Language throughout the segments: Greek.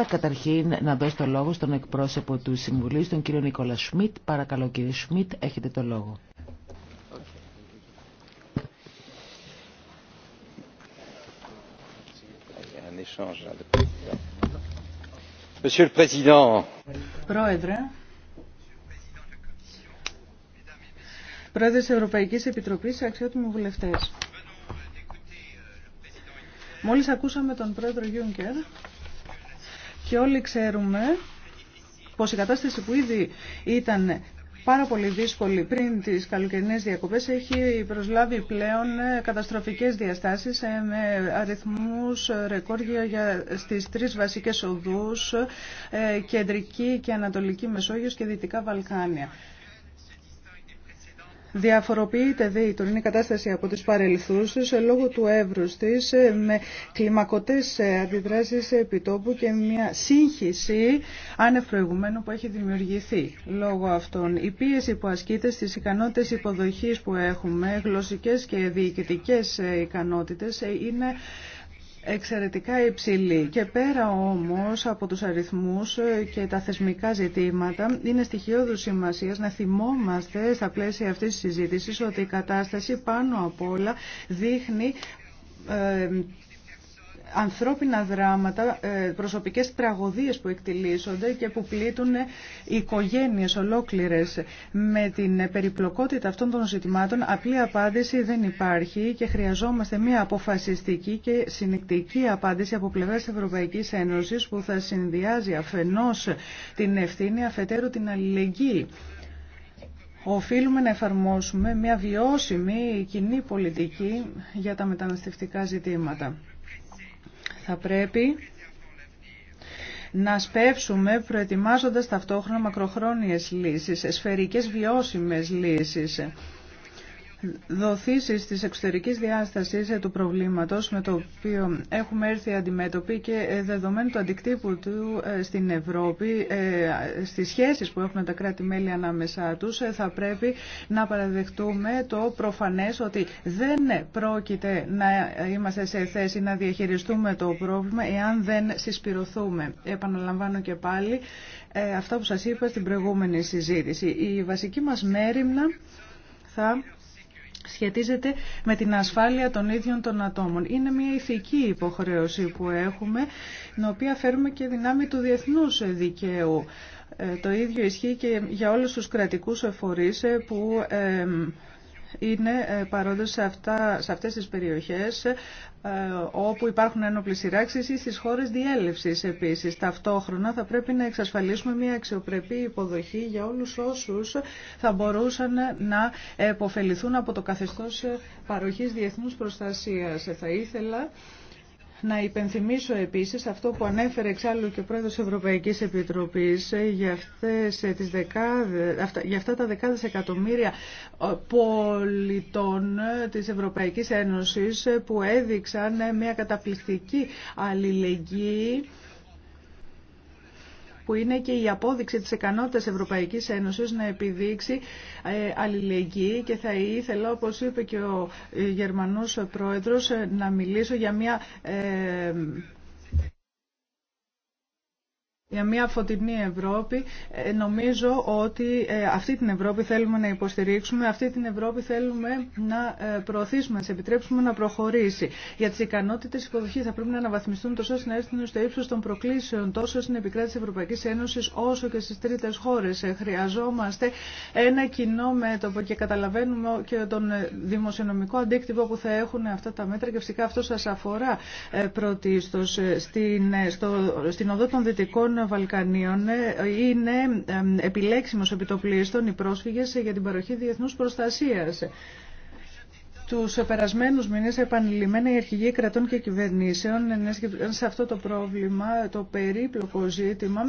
ήθελα καταρχήν να δώσω το λόγο στον εκπρόσωπο του Συμβουλίου, τον κύριο Νικόλα Σμιτ. Παρακαλώ κύριε Σμιτ, έχετε το λόγο. Πρόεδρε, Πρόεδρε της Ευρωπαϊκής Επιτροπής, αξιότιμοι βουλευτές. Μόλις ακούσαμε τον πρόεδρο Γιούνκερ, και όλοι ξέρουμε πως η κατάσταση που ήδη ήταν πάρα πολύ δύσκολη πριν τις καλοκαιρινές διακοπές έχει προσλάβει πλέον καταστροφικές διαστάσεις ε, με αριθμούς ρεκόρ για στις τρεις βασικές οδούς ε, κεντρική και ανατολική Μεσόγειος και δυτικά Βαλκάνια. Διαφοροποιείται δε η τωρινή κατάσταση από τις παρελθούσες ε, λόγω του εύρους της ε, με κλιμακωτές ε, αντιδράσεις επιτόπου και μια σύγχυση άνευ που έχει δημιουργηθεί λόγω αυτών. Η πίεση που ασκείται στις ικανότητες υποδοχής που έχουμε, γλωσσικές και διοικητικές ικανότητες είναι εξαιρετικά υψηλή. Και πέρα όμως από τους αριθμούς ε, και τα θεσμικά ζητήματα, είναι στοιχειώδου σημασία να θυμόμαστε στα πλαίσια αυτής της συζήτησης ότι η κατάσταση πάνω απ' όλα δείχνει ε, ανθρώπινα δράματα, ε, προσωπικές τραγωδίες που εκτιλήσονται και που πλήττουν οικογένειες ολόκληρες. Με την περιπλοκότητα αυτών των ζητημάτων απλή απάντηση δεν υπάρχει και χρειαζόμαστε μια αποφασιστική και συνεκτική απάντηση από πλευράς Ευρωπαϊκής Ένωσης που θα συνδυάζει αφενός την ευθύνη, αφετέρου την αλληλεγγύη. Οφείλουμε να εφαρμόσουμε μια βιώσιμη κοινή πολιτική για τα μεταναστευτικά ζητήματα. Θα πρέπει να σπεύσουμε προετοιμάζοντας ταυτόχρονα μακροχρόνιες λύσεις, σφαιρικές βιώσιμες λύσεις δοθήσεις της εξωτερικής διάστασης ε, του προβλήματος με το οποίο έχουμε έρθει αντιμέτωποι και ε, δεδομένου του αντικτύπου του ε, στην Ευρώπη, στις σχέσεις που έχουν τα κράτη-μέλη ανάμεσά τους, θα πρέπει να παραδεχτούμε το προφανές ότι δεν πρόκειται να είμαστε σε θέση να διαχειριστούμε το πρόβλημα εάν δεν συσπηρωθούμε. Επαναλαμβάνω και πάλι αυτά που σας είπα στην προηγούμενη συζήτηση. Η βασική μας μέρημνα θα σχετίζεται με την ασφάλεια των ίδιων των ατόμων. Είναι μια ηθική υποχρέωση που έχουμε, την οποία φέρουμε και δυνάμει του διεθνούς δικαίου. Ε, το ίδιο ισχύει και για όλους τους κρατικούς εφορείς ε, που ε, είναι ε, παρόντες σε, αυτά, σε αυτές τις περιοχές ε, όπου υπάρχουν ένοπλες σειράξεις ή στις χώρες διέλευσης επίσης. Ταυτόχρονα θα πρέπει να εξασφαλίσουμε μια αξιοπρεπή υποδοχή για όλους όσους θα μπορούσαν να επωφεληθούν από το καθεστώς παροχής διεθνούς προστασίας. Θα ήθελα να υπενθυμίσω επίσης αυτό που ανέφερε εξάλλου και ο πρόεδρος Ευρωπαϊκής Επιτροπής ε, για, αυτές ε, τις αυτά, για αυτά τα δεκάδες εκατομμύρια ε, πολιτών της Ευρωπαϊκής Ένωσης που έδειξαν μια καταπληκτική αλληλεγγύη που είναι και η απόδειξη της ικανότητας Ευρωπαϊκής Ένωσης να επιδείξει ε, αλληλεγγύη και θα ήθελα, όπως είπε και ο ε, Γερμανός Πρόεδρος, ε, να μιλήσω για μια για μια φωτεινή Ευρώπη ε, νομίζω ότι ε, αυτή την Ευρώπη θέλουμε να υποστηρίξουμε, αυτή την Ευρώπη θέλουμε να ε, προωθήσουμε, να σε επιτρέψουμε να προχωρήσει. Για τι ικανότητε υποδοχή θα πρέπει να αναβαθμιστούν τόσο στην να στο ύψο των προκλήσεων τόσο στην επικράτηση Ευρωπαϊκή Ένωση όσο και στι τρίτε χώρε. Χρειαζόμαστε ένα κοινό μέτωπο και καταλαβαίνουμε και τον δημοσιονομικό αντίκτυπο που θα έχουν αυτά τα μέτρα και φυσικά αυτό σα αφορά πρωτίστω στην, στην οδό των δυτικών Βαλκανίων ε, είναι επιλέξιμος επιτοπλίστων οι πρόσφυγες για την παροχή διεθνούς προστασίας. Τους περασμένου μήνε, επανειλημμένα οι αρχηγοί κρατών και κυβερνήσεων σε αυτό το πρόβλημα, το περίπλοκο ζήτημα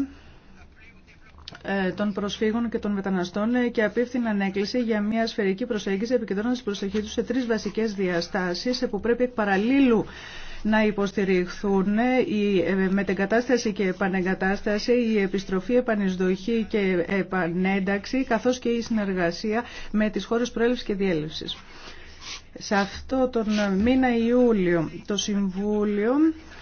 ε, των προσφύγων και των μεταναστών και απίφθηναν έκκληση για μια σφαιρική προσέγγιση επικεντρώνοντας την προσοχή τους σε τρεις βασικές διαστάσεις που πρέπει εκ παραλίλου να υποστηριχθούν η ε, μετεγκατάσταση και επανεγκατάσταση, η επιστροφή, επανεισδοχή και επανένταξη, καθώς και η συνεργασία με τις χώρες προέλευσης και διέλευσης. Σε αυτό τον μήνα Ιούλιο το Συμβούλιο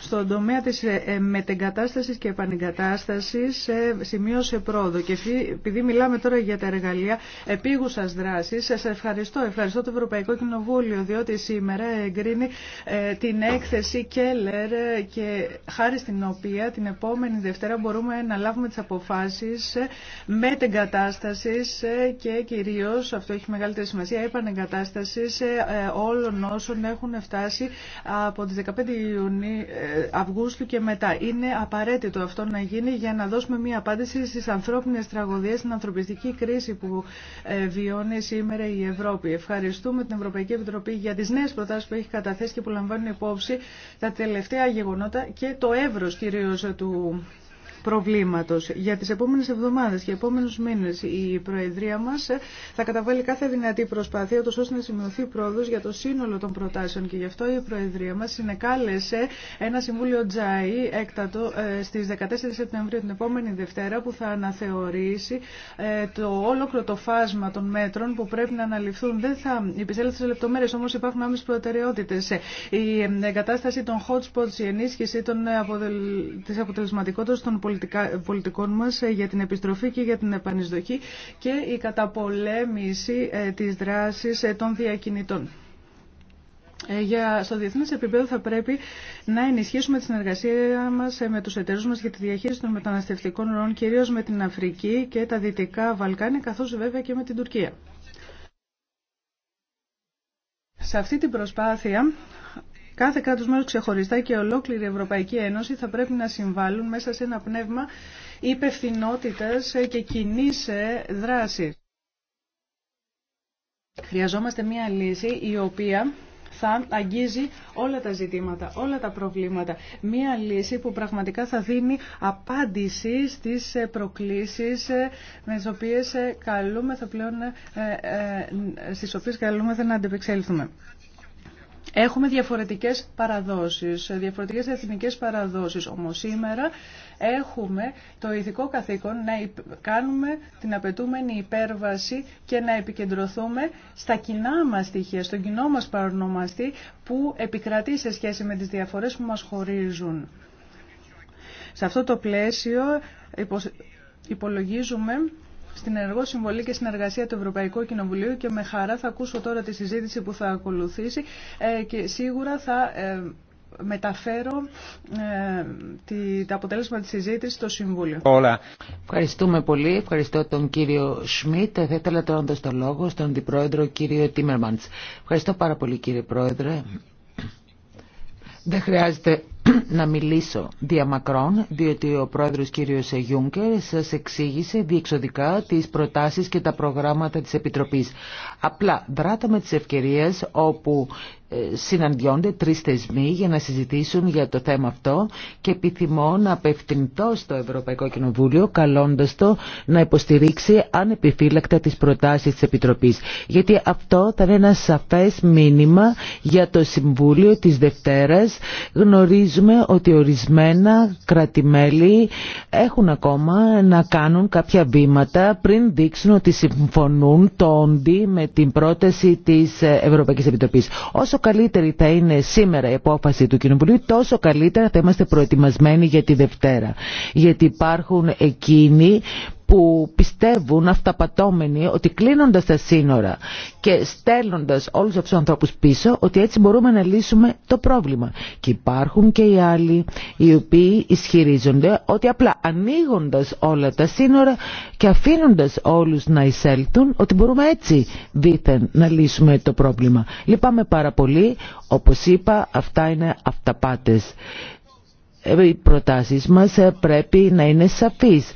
στον τομέα της ε, ε, μετεγκατάστασης και επανεγκατάστασης σημείωσε πρόοδο. Και επειδή μιλάμε τώρα για τα εργαλεία επίγουσας δράσης, σας ευχαριστώ. Ευχαριστώ το Ευρωπαϊκό Κοινοβούλιο, διότι σήμερα εγκρίνει ε, την έκθεση Keller και χάρη στην οποία την επόμενη Δευτέρα μπορούμε να λάβουμε τις αποφάσεις μετεγκατάστασης και κυρίως, αυτό έχει μεγαλύτερη σημασία, επανεγκατάστασης όλων όσων έχουν φτάσει από τις 15 Ιουνίου Αυγούστου και μετά. Είναι απαραίτητο αυτό να γίνει για να δώσουμε μία απάντηση στις ανθρώπινες τραγωδίες, στην ανθρωπιστική κρίση που ε, βιώνει σήμερα η Ευρώπη. Ευχαριστούμε την Ευρωπαϊκή Επιτροπή για τις νέες προτάσεις που έχει καταθέσει και που λαμβάνουν υπόψη τα τελευταία γεγονότα και το εύρος κυρίως του προβλήματος. Για τις επόμενες εβδομάδες και επόμενους μήνες η Προεδρία μας θα καταβάλει κάθε δυνατή προσπάθεια ώστε να σημειωθεί πρόοδος για το σύνολο των προτάσεων και γι' αυτό η Προεδρία μας συνεκάλεσε ένα Συμβούλιο Τζάι έκτατο ε, στις 14 Σεπτεμβρίου την επόμενη Δευτέρα που θα αναθεωρήσει ε, το όλο το φάσμα των μέτρων που πρέπει να αναλυφθούν. Δεν θα επισέλθω σε λεπτομέρειες όμως υπάρχουν άμεσες προτεραιότητες. Η ε, εγκατάσταση των hotspots, η ενίσχυση των αποτελ... της αποτελεσματικότητας των πολιτικών μας ε, για την επιστροφή και για την επανεισδοχή και η καταπολέμηση ε, της δράσης ε, των διακινητών. Για, στο διεθνέ επίπεδο θα πρέπει να ενισχύσουμε τη συνεργασία μα με του εταίρου μα για τη διαχείριση των μεταναστευτικών ροών, κυρίω με την Αφρική και τα Δυτικά Βαλκάνια, καθώ βέβαια και με την Τουρκία. Σε αυτή την προσπάθεια Κάθε κράτος μέρος ξεχωριστά και ολόκληρη η Ευρωπαϊκή Ένωση θα πρέπει να συμβάλλουν μέσα σε ένα πνεύμα υπευθυνότητας και κοινή δράση. Χρειαζόμαστε μια λύση η οποία θα αγγίζει όλα τα ζητήματα, όλα τα προβλήματα. Μία λύση που πραγματικά θα δίνει απάντηση στις προκλήσεις με τις οποίες καλούμεθα πλέον, ε, ε, ε, στις οποίες καλούμεθα να αντεπεξέλθουμε. Έχουμε διαφορετικές παραδόσεις, διαφορετικές εθνικές παραδόσεις. Όμως σήμερα έχουμε το ηθικό καθήκον να κάνουμε την απαιτούμενη υπέρβαση και να επικεντρωθούμε στα κοινά μας στοιχεία, στον κοινό μας παρονομαστή που επικρατεί σε σχέση με τις διαφορές που μας χωρίζουν. Σε αυτό το πλαίσιο υπολογίζουμε στην ενεργό συμβολή και συνεργασία του Ευρωπαϊκού Κοινοβουλίου και με χαρά θα ακούσω τώρα τη συζήτηση που θα ακολουθήσει ε, και σίγουρα θα ε, μεταφέρω ε, τη, τα αποτέλεσμα της συζήτησης στο Συμβούλιο. Όλα. Ευχαριστούμε πολύ. Ευχαριστώ τον κύριο Σμιτ. Θα ήθελα τώρα να δώσω το λόγο στον αντιπρόεδρο κύριο Τίμερμαντς. Ευχαριστώ πάρα πολύ κύριε πρόεδρε. Δεν χρειάζεται να μιλήσω διαμακρόν διότι ο πρόεδρος κύριος Γιούγκερ σας εξήγησε διεξοδικά τις προτάσεις και τα προγράμματα της Επιτροπής. Απλά δράταμε με τις ευκαιρίες όπου συναντιόνται τρεις θεσμοί για να συζητήσουν για το θέμα αυτό και επιθυμώ να απευθυνθώ στο Ευρωπαϊκό Κοινοβούλιο καλώντας το να υποστηρίξει ανεπιφύλακτα τις προτάσεις της Επιτροπής γιατί αυτό θα είναι ένα σαφές μήνυμα για το Συμβούλιο της Δευτέρας γνωρίζουμε ότι ορισμένα κρατημέλη έχουν ακόμα να κάνουν κάποια βήματα πριν δείξουν ότι συμφωνούν το όντι με την πρόταση της Ευρωπαϊκής Επιτροπής καλύτερη θα είναι σήμερα η απόφαση του Κοινοβουλίου, τόσο καλύτερα θα είμαστε προετοιμασμένοι για τη Δευτέρα. Γιατί υπάρχουν εκείνοι που πιστεύουν αυταπατώμενοι ότι κλείνοντας τα σύνορα και στέλνοντας όλους αυτούς τους ανθρώπους πίσω ότι έτσι μπορούμε να λύσουμε το πρόβλημα. Και υπάρχουν και οι άλλοι οι οποίοι ισχυρίζονται ότι απλά ανοίγοντας όλα τα σύνορα και αφήνοντας όλους να εισέλθουν ότι μπορούμε έτσι δήθεν να λύσουμε το πρόβλημα. Λυπάμαι πάρα πολύ, όπως είπα αυτά είναι αυταπάτες. Ε, οι προτάσεις μας ε, πρέπει να είναι σαφείς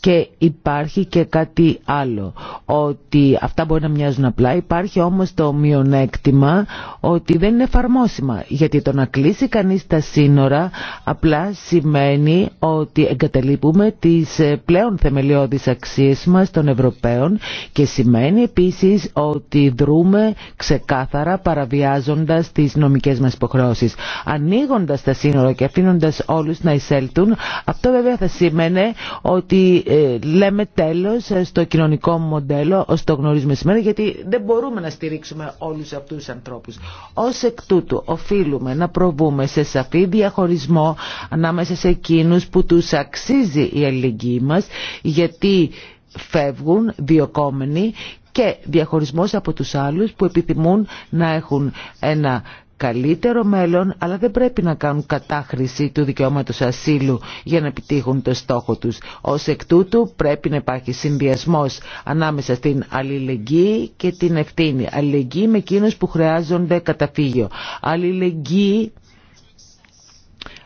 και υπάρχει και κάτι άλλο, ότι αυτά μπορεί να μοιάζουν απλά, υπάρχει όμως το μειονέκτημα ότι δεν είναι εφαρμόσιμα. Γιατί το να κλείσει κανείς τα σύνορα απλά σημαίνει ότι εγκαταλείπουμε τις ε, πλέον θεμελιώδεις αξίες μας των Ευρωπαίων και σημαίνει επίσης ότι δρούμε ξεκάθαρα παραβιάζοντας τις νομικές μας υποχρεώσεις. Ανοίγοντας τα σύνορα και αφήνοντας όλους να εισέλθουν, αυτό βέβαια θα σημαίνει ότι ε, λέμε τέλος ε, στο κοινωνικό μοντέλο ως το γνωρίζουμε σήμερα γιατί δεν μπορούμε να στηρίξουμε όλους αυτούς τους ανθρώπους. Ως εκ τούτου οφείλουμε να προβούμε σε σαφή διαχωρισμό ανάμεσα σε εκείνους που τους αξίζει η αλληλεγγύη μας γιατί φεύγουν διοκόμενοι και διαχωρισμός από τους άλλους που επιθυμούν να έχουν ένα καλύτερο μέλλον, αλλά δεν πρέπει να κάνουν κατάχρηση του δικαιώματος ασύλου για να επιτύχουν το στόχο τους. Ως εκ τούτου πρέπει να υπάρχει συνδυασμός ανάμεσα στην αλληλεγγύη και την ευθύνη. Αλληλεγγύη με εκείνους που χρειάζονται καταφύγιο. Αλληλεγγύη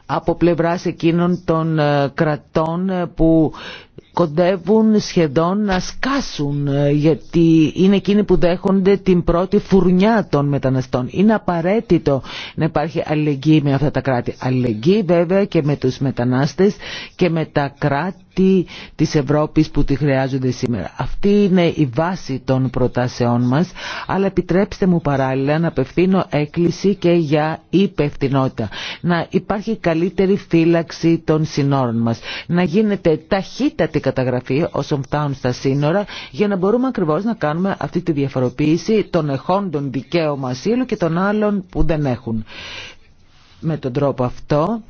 από πλευράς εκείνων των ε, κρατών ε, που κοντεύουν σχεδόν να σκάσουν ε, γιατί είναι εκείνοι που δέχονται την πρώτη φουρνιά των μεταναστών. Είναι απαραίτητο να υπάρχει αλληλεγγύη με αυτά τα κράτη. Αλληλεγγύη βέβαια και με τους μετανάστες και με τα κράτη αυτή της Ευρώπης που τη χρειάζονται σήμερα. Αυτή είναι η βάση των προτάσεών μας, αλλά επιτρέψτε μου παράλληλα να απευθύνω έκκληση και για υπευθυνότητα. Να υπάρχει καλύτερη φύλαξη των συνόρων μας. Να γίνεται ταχύτατη καταγραφή όσων φτάνουν στα σύνορα για να μπορούμε ακριβώς να κάνουμε αυτή τη διαφοροποίηση των εχόντων δικαίωμα ασύλου και των άλλων που δεν έχουν. Με τον τρόπο αυτό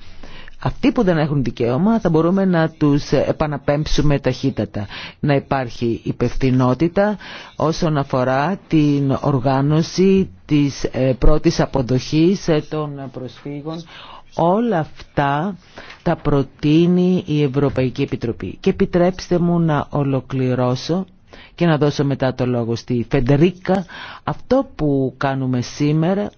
αυτοί που δεν έχουν δικαίωμα θα μπορούμε να τους επαναπέμψουμε ταχύτατα. Να υπάρχει υπευθυνότητα όσον αφορά την οργάνωση της ε, πρώτης αποδοχής ε, των προσφύγων. Όλα αυτά τα προτείνει η Ευρωπαϊκή Επιτροπή. Και επιτρέψτε μου να ολοκληρώσω και να δώσω μετά το λόγο στη Φεντερίκα. Αυτό που κάνουμε σήμερα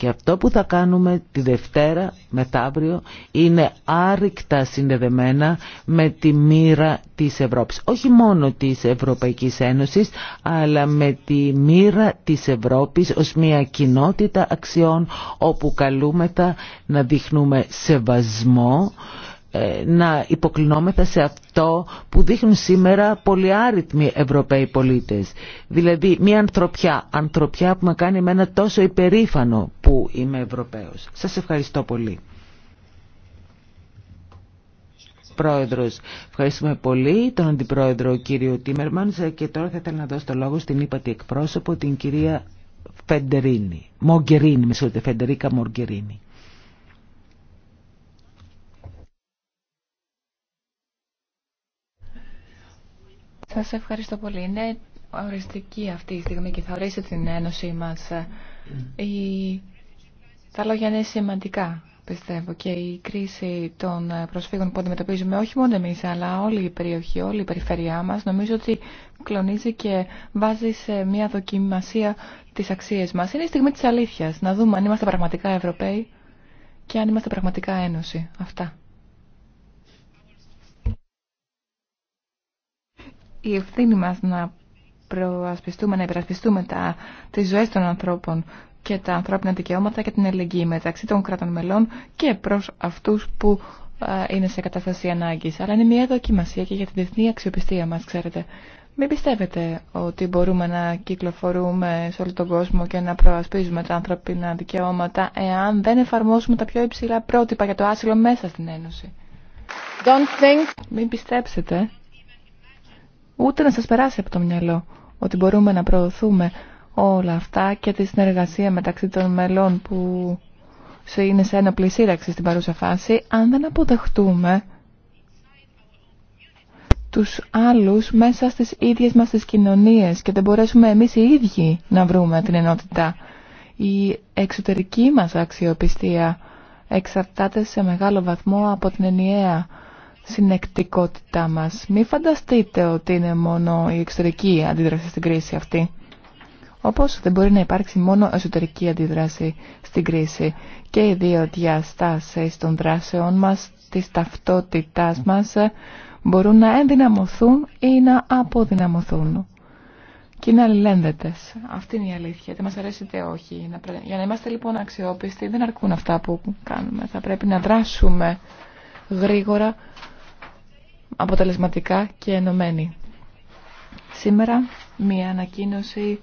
και αυτό που θα κάνουμε τη Δευτέρα μεθαύριο είναι άρρηκτα συνδεδεμένα με τη μοίρα της Ευρώπης. Όχι μόνο της Ευρωπαϊκής Ένωσης, αλλά με τη μοίρα της Ευρώπης ως μια κοινότητα αξιών όπου καλούμεθα να δείχνουμε σεβασμό ε, να υποκλεινόμεθα σε αυτό που δείχνουν σήμερα άριθμοι Ευρωπαίοι πολίτες. Δηλαδή μια ανθρωπιά, ανθρωπιά που με κάνει εμένα τόσο υπερήφανο που είμαι Ευρωπαίος. Σας ευχαριστώ πολύ. Πρόεδρος. Ευχαριστούμε πολύ τον Αντιπρόεδρο κύριο Τίμερμανς και τώρα θα ήθελα να δώσω το λόγο στην ύπατη εκπρόσωπο την κυρία Φεντερίνη. Μογκερίνη, με συγχωρείτε, Φεντερίκα Μογκερίνη. Σα ευχαριστώ πολύ. Είναι οριστική αυτή η στιγμή και θα ορίσει την ένωση μας. Η... Τα λόγια είναι σημαντικά, πιστεύω, και η κρίση των προσφύγων που αντιμετωπίζουμε όχι μόνο εμεί, αλλά όλη η περιοχή, όλη η περιφερειά μας, νομίζω ότι κλονίζει και βάζει σε μια δοκιμασία τις αξίες μας. Είναι η στιγμή τη αλήθεια. να δούμε αν είμαστε πραγματικά Ευρωπαίοι και αν είμαστε πραγματικά Ένωση. Αυτά. η ευθύνη μας να προασπιστούμε, να υπερασπιστούμε τα, τις ζωές των ανθρώπων και τα ανθρώπινα δικαιώματα και την ελεγγύη μεταξύ των κρατών μελών και προς αυτούς που είναι σε κατάσταση ανάγκης. Αλλά είναι μια δοκιμασία και για την διεθνή αξιοπιστία μας, ξέρετε. Μην πιστεύετε ότι μπορούμε να κυκλοφορούμε σε όλο τον κόσμο και να προασπίζουμε τα ανθρώπινα δικαιώματα εάν δεν εφαρμόσουμε τα πιο υψηλά πρότυπα για το άσυλο μέσα στην Ένωση. Don't think... Μην πιστέψετε ούτε να σας περάσει από το μυαλό ότι μπορούμε να προωθούμε όλα αυτά και τη συνεργασία μεταξύ των μελών που είναι σε ένα σύραξη στην παρούσα φάση, αν δεν αποδεχτούμε τους άλλους μέσα στις ίδιες μας τις κοινωνίες και δεν μπορέσουμε εμείς οι ίδιοι να βρούμε την ενότητα. Η εξωτερική μας αξιοπιστία εξαρτάται σε μεγάλο βαθμό από την ενιαία συνεκτικότητά μας. Μην φανταστείτε ότι είναι μόνο η εξωτερική αντίδραση στην κρίση αυτή. Όπως δεν μπορεί να υπάρξει μόνο εσωτερική αντίδραση στην κρίση και οι δύο διαστάσεις των δράσεών μας, της ταυτότητάς μας, μπορούν να ενδυναμωθούν ή να αποδυναμωθούν. Και είναι αλληλένδετε. Αυτή είναι η να αποδυναμωθουν και ειναι αλληλενδετες αυτη ειναι η αληθεια Δεν μα αρέσει είτε όχι. Για να είμαστε λοιπόν αξιόπιστοι, δεν αρκούν αυτά που κάνουμε. Θα πρέπει να δράσουμε γρήγορα αποτελεσματικά και ενωμένοι. Σήμερα μία ανακοίνωση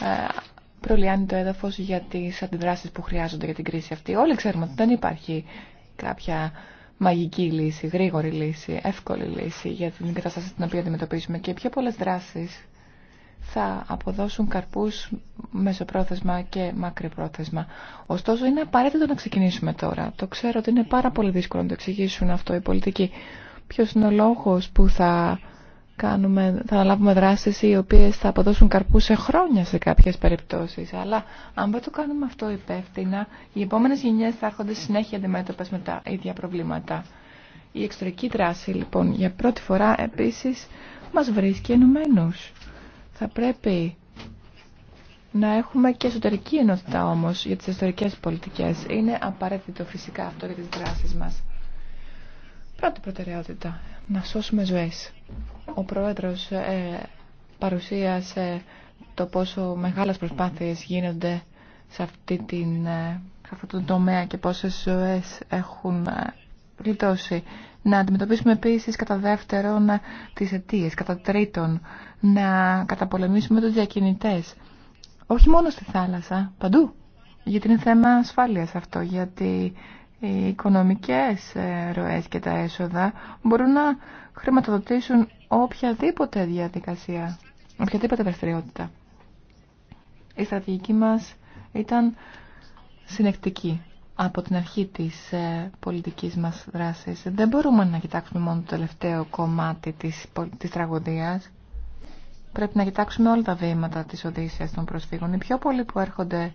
ε, προλιάνει το έδαφος για τις αντιδράσεις που χρειάζονται για την κρίση αυτή. Όλοι ξέρουμε ότι δεν υπάρχει κάποια μαγική λύση, γρήγορη λύση, εύκολη λύση για την κατάσταση την οποία αντιμετωπίζουμε και πιο πολλές δράσεις θα αποδώσουν καρπούς μεσοπρόθεσμα και μακροπρόθεσμα. Ωστόσο είναι απαραίτητο να ξεκινήσουμε τώρα. Το ξέρω ότι είναι πάρα πολύ δύσκολο να το εξηγήσουν αυτό οι πολιτικοί ποιος είναι ο λόγος που θα, κάνουμε, θα λάβουμε δράσεις οι οποίες θα αποδώσουν καρπού σε χρόνια σε κάποιες περιπτώσεις. Αλλά αν δεν το κάνουμε αυτό υπεύθυνα, οι επόμενες γενιές θα έρχονται συνέχεια αντιμέτωπες με τα ίδια προβλήματα. Η εξωτερική δράση λοιπόν για πρώτη φορά επίσης μας βρίσκει ενωμένου. Θα πρέπει να έχουμε και εσωτερική ενότητα όμως για τις εσωτερικές πολιτικές. Είναι απαραίτητο φυσικά αυτό για τις δράσεις μας. Πρώτη προτεραιότητα, να σώσουμε ζωές. Ο Πρόεδρος ε, παρουσίασε το πόσο μεγάλες προσπάθειες γίνονται σε, αυτή την, ε, σε αυτό το τομέα και πόσες ζωές έχουν ε, γλιτώσει. Να αντιμετωπίσουμε επίσης κατά δεύτερον τις αιτίες, κατά τρίτον να καταπολεμήσουμε τους διακινητές. Όχι μόνο στη θάλασσα, παντού. Γιατί είναι θέμα ασφάλειας αυτό, γιατί οι οικονομικές ε, ροές και τα έσοδα μπορούν να χρηματοδοτήσουν οποιαδήποτε διαδικασία, οποιαδήποτε δραστηριότητα. Η στρατηγική μας ήταν συνεκτική από την αρχή της ε, πολιτικής μας δράσης. Δεν μπορούμε να κοιτάξουμε μόνο το τελευταίο κομμάτι της, της τραγωδίας. Πρέπει να κοιτάξουμε όλα τα βήματα της Οδύσσιας των προσφύγων. Οι πιο πολλοί που έρχονται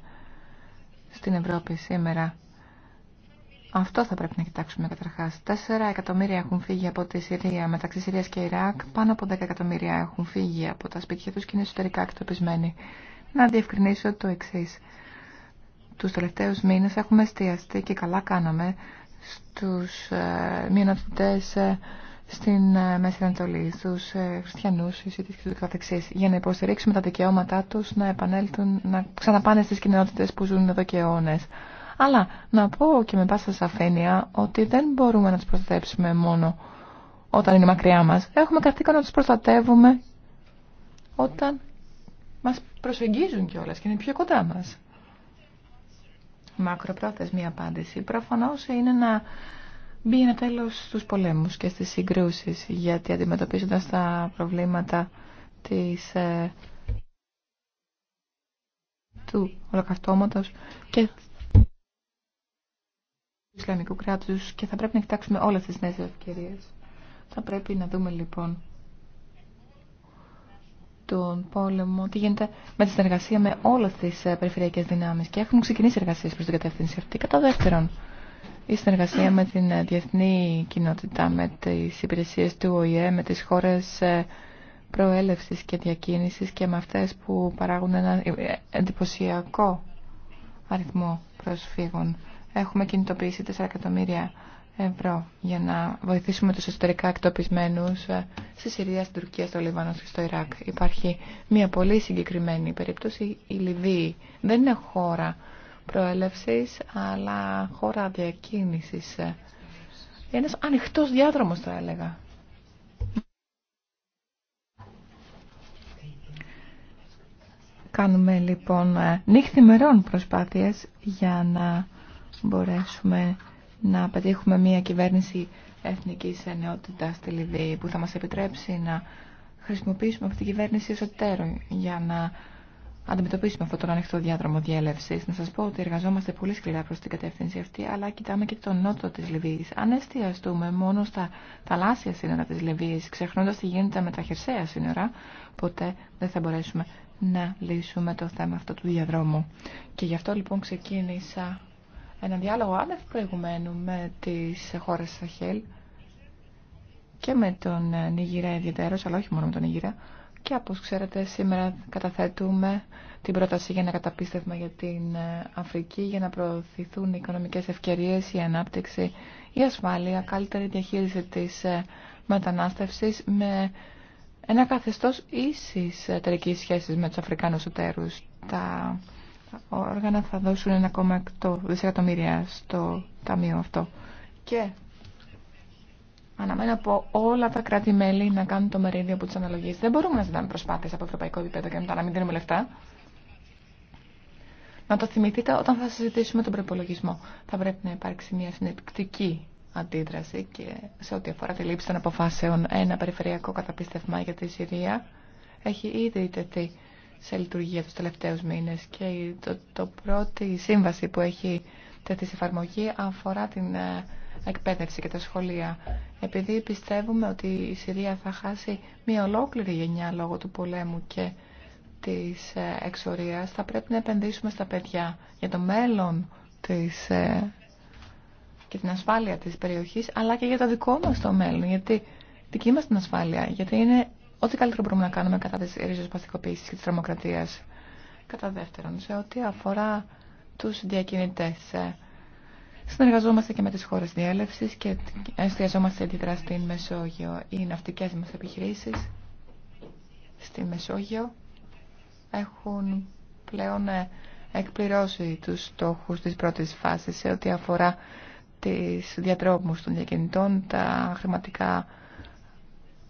στην Ευρώπη σήμερα αυτό θα πρέπει να κοιτάξουμε καταρχά. Τέσσερα εκατομμύρια έχουν φύγει από τη Συρία. Μεταξύ Συρία και Ιράκ, πάνω από 10 εκατομμύρια έχουν φύγει από τα σπίτια του και είναι εσωτερικά εκτοπισμένοι. Να διευκρινίσω το εξή. Του τελευταίου μήνε έχουμε εστιαστεί και καλά κάναμε στου ε, μειονοτητέ ε, στην ε, Μέση Ανατολή, στου ε, χριστιανού, Ισίτε και του καθεξή, για να υποστηρίξουμε τα δικαιώματά του να επανέλθουν, να ξαναπάνε στι κοινότητε που ζουν εδώ και αιώνε. Αλλά να πω και με πάσα σαφένεια ότι δεν μπορούμε να τις προστατέψουμε μόνο όταν είναι μακριά μας. Έχουμε καθήκον να τις προστατεύουμε όταν μας προσεγγίζουν κιόλας και είναι πιο κοντά μας. Μακροπρόθεσμη απάντηση προφανώς είναι να μπει ένα τέλος στους πολέμους και στις συγκρούσεις γιατί αντιμετωπίζοντας τα προβλήματα ε, του ολοκαυτώματος και Ισλαμικού κράτου και θα πρέπει να κοιτάξουμε όλε τι νέε ευκαιρίε. Θα πρέπει να δούμε λοιπόν τον πόλεμο, τι γίνεται με τη συνεργασία με όλε τι ε, περιφερειακέ δυνάμει και έχουν ξεκινήσει εργασίε προ την κατεύθυνση αυτή. Κατά δεύτερον, η συνεργασία με την ε, διεθνή κοινότητα, με τι υπηρεσίε του ΟΗΕ, με τι χώρε προέλευση και διακίνηση και με αυτέ που παράγουν ένα ε, εντυπωσιακό αριθμό προσφύγων έχουμε κινητοποιήσει 4 εκατομμύρια ευρώ για να βοηθήσουμε τους εσωτερικά εκτοπισμένους ε, στη Συρία, στην Τουρκία, στο Λίβανο και στο Ιράκ. Υπάρχει μια πολύ συγκεκριμένη περίπτωση, η Λιβύη. Δεν είναι χώρα προέλευσης, αλλά χώρα διακίνησης. Ε, ένας ανοιχτός διάδρομος θα έλεγα. Κάνουμε λοιπόν ε, νύχθημερών προσπάθειες για να μπορέσουμε να πετύχουμε μια κυβέρνηση εθνικής ενότητας στη Λιβύη που θα μας επιτρέψει να χρησιμοποιήσουμε αυτή την κυβέρνηση εσωτέρων για να αντιμετωπίσουμε αυτόν τον ανοιχτό διάδρομο διέλευση. Να σα πω ότι εργαζόμαστε πολύ σκληρά προ την κατεύθυνση αυτή, αλλά κοιτάμε και τον νότο τη Λιβύη. Αν εστιαστούμε μόνο στα θαλάσσια σύνορα τη Λιβύη, ξεχνώντα τι γίνεται με τα χερσαία σύνορα, ποτέ δεν θα μπορέσουμε να λύσουμε το θέμα αυτό του διαδρόμου. Και γι' αυτό λοιπόν ξεκίνησα ένα διάλογο άνευ προηγουμένου με τις χώρες Σαχέλ και με τον Νιγηρά ιδιαίτερος, αλλά όχι μόνο με τον Νιγηρά. Και όπως ξέρετε σήμερα καταθέτουμε την πρόταση για ένα καταπίστευμα για την Αφρική για να προωθηθούν οι οικονομικές ευκαιρίες, η ανάπτυξη, η ασφάλεια, καλύτερη διαχείριση της μετανάστευσης με ένα καθεστώς ίσης εταιρικής σχέσης με τους Αφρικάνους εταίρους όργανα θα δώσουν 1,8 δισεκατομμύρια στο ταμείο αυτό. Και αναμένω από όλα τα κράτη-μέλη να κάνουν το μερίδιο από τι αναλογίε. Δεν μπορούμε να ζητάμε προσπάθειε από ευρωπαϊκό επίπεδο και μετά να μην δίνουμε λεφτά. Να το θυμηθείτε όταν θα συζητήσουμε τον προπολογισμό. Θα πρέπει να υπάρξει μια συνεπτική αντίδραση και σε ό,τι αφορά τη λήψη των αποφάσεων. Ένα περιφερειακό καταπίστευμα για τη Συρία έχει ήδη τεθεί σε λειτουργία τους τελευταίους μήνες και το, πρώτη σύμβαση που έχει τέτοια εφαρμογή αφορά την ε, εκπαίδευση και τα σχολεία. Επειδή πιστεύουμε ότι η Συρία θα χάσει μια ολόκληρη γενιά λόγω του πολέμου και της ε, εξορίας, θα πρέπει να επενδύσουμε στα παιδιά για το μέλλον της ε, και την ασφάλεια της περιοχής, αλλά και για το δικό μας το μέλλον, γιατί δική μας την ασφάλεια, γιατί είναι Ό,τι καλύτερο μπορούμε να κάνουμε κατά της ριζοσπαστικοποίησης και της τρομοκρατίας. Κατά δεύτερον, σε ό,τι αφορά τους διακινητές. Ε, συνεργαζόμαστε και με τις χώρες διέλευσης και εστιαζόμαστε αντιδρά στην Μεσόγειο. Οι ναυτικές μας επιχειρήσεις στη Μεσόγειο έχουν πλέον ε, εκπληρώσει τους στόχους της πρώτης φάσης σε ό,τι αφορά τις διατρόπους των διακινητών, τα χρηματικά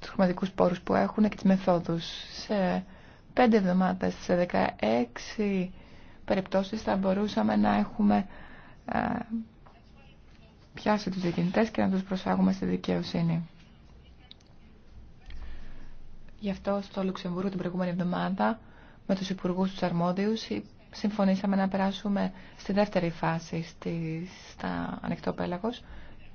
του χρηματικού πόρου που έχουν και τι μεθόδου. Σε πέντε εβδομάδες, σε 16 περιπτώσει θα μπορούσαμε να έχουμε ε, πιάσει του διακινητέ και να τους προσφάγουμε στη δικαιοσύνη. Γι' αυτό στο Λουξεμβούργο την προηγούμενη εβδομάδα με τους υπουργούς τους αρμόδιους συμφωνήσαμε να περάσουμε στη δεύτερη φάση στη, στα ανοιχτό πέλαγος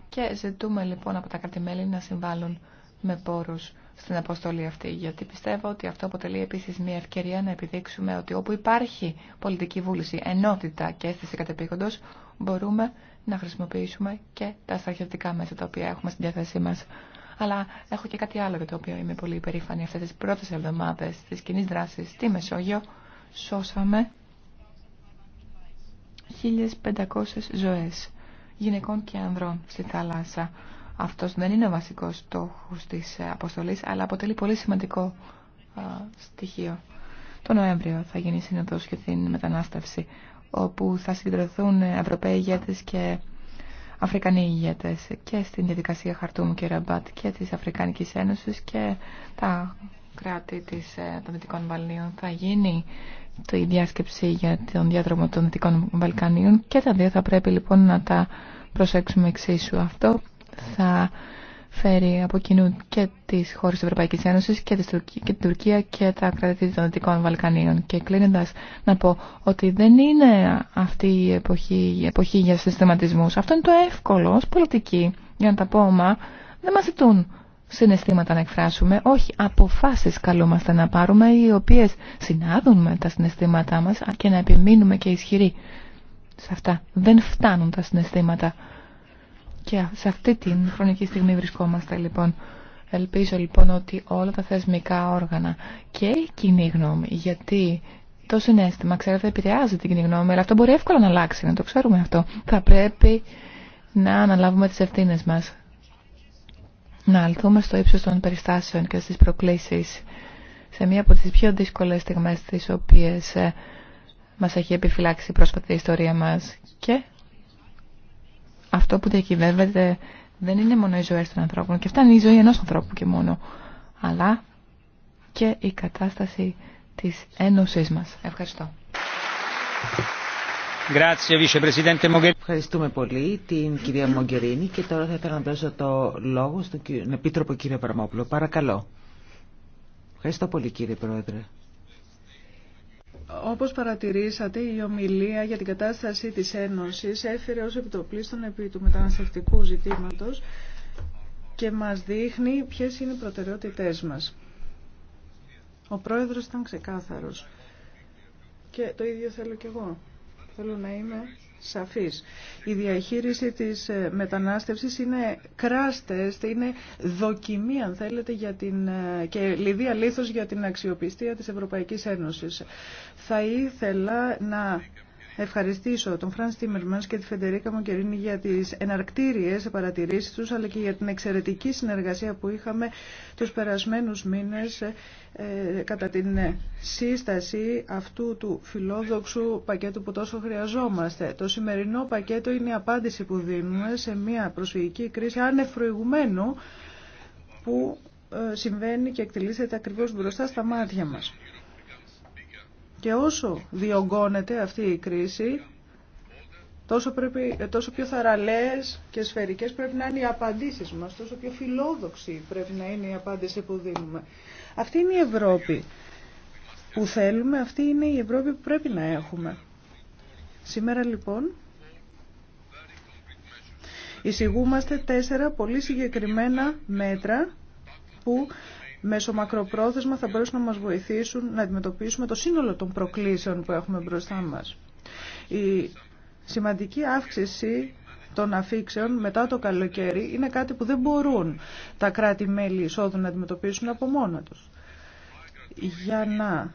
και ζητούμε λοιπόν από τα κρατημέλη να συμβάλλουν με πόρους στην αποστολή αυτή, γιατί πιστεύω ότι αυτό αποτελεί επίσης μια ευκαιρία να επιδείξουμε ότι όπου υπάρχει πολιτική βούληση, ενότητα και αίσθηση κατεπήγοντος, μπορούμε να χρησιμοποιήσουμε και τα στρατιωτικά μέσα τα οποία έχουμε στην διάθεσή μας. Αλλά έχω και κάτι άλλο για το οποίο είμαι πολύ υπερήφανη. Αυτές τις πρώτες εβδομάδες της κοινή δράση στη Μεσόγειο σώσαμε 1500 ζωές γυναικών και ανδρών στη θάλασσα. Αυτός δεν είναι ο βασικός στόχος της ε, αποστολής, αλλά αποτελεί πολύ σημαντικό ε, στοιχείο. Το Νοέμβριο θα γίνει σύνοδος για την μετανάστευση, όπου θα συγκεντρωθούν Ευρωπαίοι ηγέτες και Αφρικανοί ηγέτες και στην διαδικασία Χαρτούμ και Ραμπάτ και της Αφρικανικής Ένωσης και τα κράτη της, ε, των Δυτικών Βαλνίων θα γίνει η διάσκεψη για τον διάδρομο των Δυτικών Βαλκανίων και τα δύο θα πρέπει λοιπόν να τα προσέξουμε εξίσου αυτό θα φέρει από κοινού και τις χώρες της Ευρωπαϊκής Ένωσης και, και την Τουρκία και τα κράτη των Δυτικών Βαλκανίων. Και κλείνοντας να πω ότι δεν είναι αυτή η εποχή, η εποχή για συστηματισμούς. Αυτό είναι το εύκολο ως πολιτική, για να τα πω μα, δεν μας ζητούν συναισθήματα να εκφράσουμε, όχι αποφάσεις καλούμαστε να πάρουμε οι οποίες συνάδουν με τα συναισθήματά μας και να επιμείνουμε και ισχυροί σε αυτά. Δεν φτάνουν τα συναισθήματα. Και σε αυτή την χρονική στιγμή βρισκόμαστε λοιπόν. Ελπίζω λοιπόν ότι όλα τα θεσμικά όργανα και η κοινή γνώμη, γιατί το συνέστημα, ξέρετε, επηρεάζει την κοινή γνώμη, αλλά αυτό μπορεί εύκολα να αλλάξει, να το ξέρουμε αυτό. Θα πρέπει να αναλάβουμε τις ευθύνες μας. Να αλθούμε στο ύψος των περιστάσεων και στις προκλήσεις σε μία από τις πιο δύσκολες στιγμές τις οποίες ε, μας έχει επιφυλάξει η πρόσφατη ιστορία μας και αυτό που διακυβεύεται δεν είναι μόνο οι ζωέ των ανθρώπων και αυτά είναι η ζωή ενός ανθρώπου και μόνο, αλλά και η κατάσταση της ένωσής μας. Ευχαριστώ. Ευχαριστούμε πολύ την κυρία Μογκερίνη και τώρα θα ήθελα να δώσω το λόγο στον Επίτροπο κύριο Παραμόπουλο. Παρακαλώ. Ευχαριστώ πολύ κύριε Πρόεδρε. Όπως παρατηρήσατε, η ομιλία για την κατάσταση της Ένωσης έφερε ως επιτοπλίστων επί του μεταναστευτικού ζητήματος και μας δείχνει ποιες είναι οι προτεραιότητές μας. Ο πρόεδρος ήταν ξεκάθαρος και το ίδιο θέλω κι εγώ. Θέλω να είμαι σαφής. Η διαχείριση της ε, μετανάστευσης είναι κράστες, είναι δοκιμή αν θέλετε για την, ε, και λιδία λίθος για την αξιοπιστία της Ευρωπαϊκής Ένωσης. Θα ήθελα να ευχαριστήσω τον Φραν Τίμερμαν και τη Φεντερίκα Μοκερίνη για τι εναρκτήριε παρατηρήσει του, αλλά και για την εξαιρετική συνεργασία που είχαμε του περασμένου μήνε ε, κατά την σύσταση αυτού του φιλόδοξου πακέτου που τόσο χρειαζόμαστε. Το σημερινό πακέτο είναι η απάντηση που δίνουμε σε μια προσφυγική κρίση ανεφροηγουμένου που ε, συμβαίνει και εκτελήσεται ακριβώς μπροστά στα μάτια μας. Και όσο διωγγώνεται αυτή η κρίση, τόσο, πρέπει, τόσο πιο θαραλέες και σφαιρικές πρέπει να είναι οι απαντήσεις μας, τόσο πιο φιλόδοξη πρέπει να είναι η απάντηση που δίνουμε. Αυτή είναι η Ευρώπη που θέλουμε, αυτή είναι η Ευρώπη που πρέπει να έχουμε. Σήμερα λοιπόν εισηγούμαστε τέσσερα πολύ συγκεκριμένα μέτρα που μέσω μακροπρόθεσμα θα μπορέσουν να μας βοηθήσουν να αντιμετωπίσουμε το σύνολο των προκλήσεων που έχουμε μπροστά μας. Η σημαντική αύξηση των αφήξεων μετά το καλοκαίρι είναι κάτι που δεν μπορούν τα κράτη-μέλη εισόδου να αντιμετωπίσουν από μόνα τους. Για να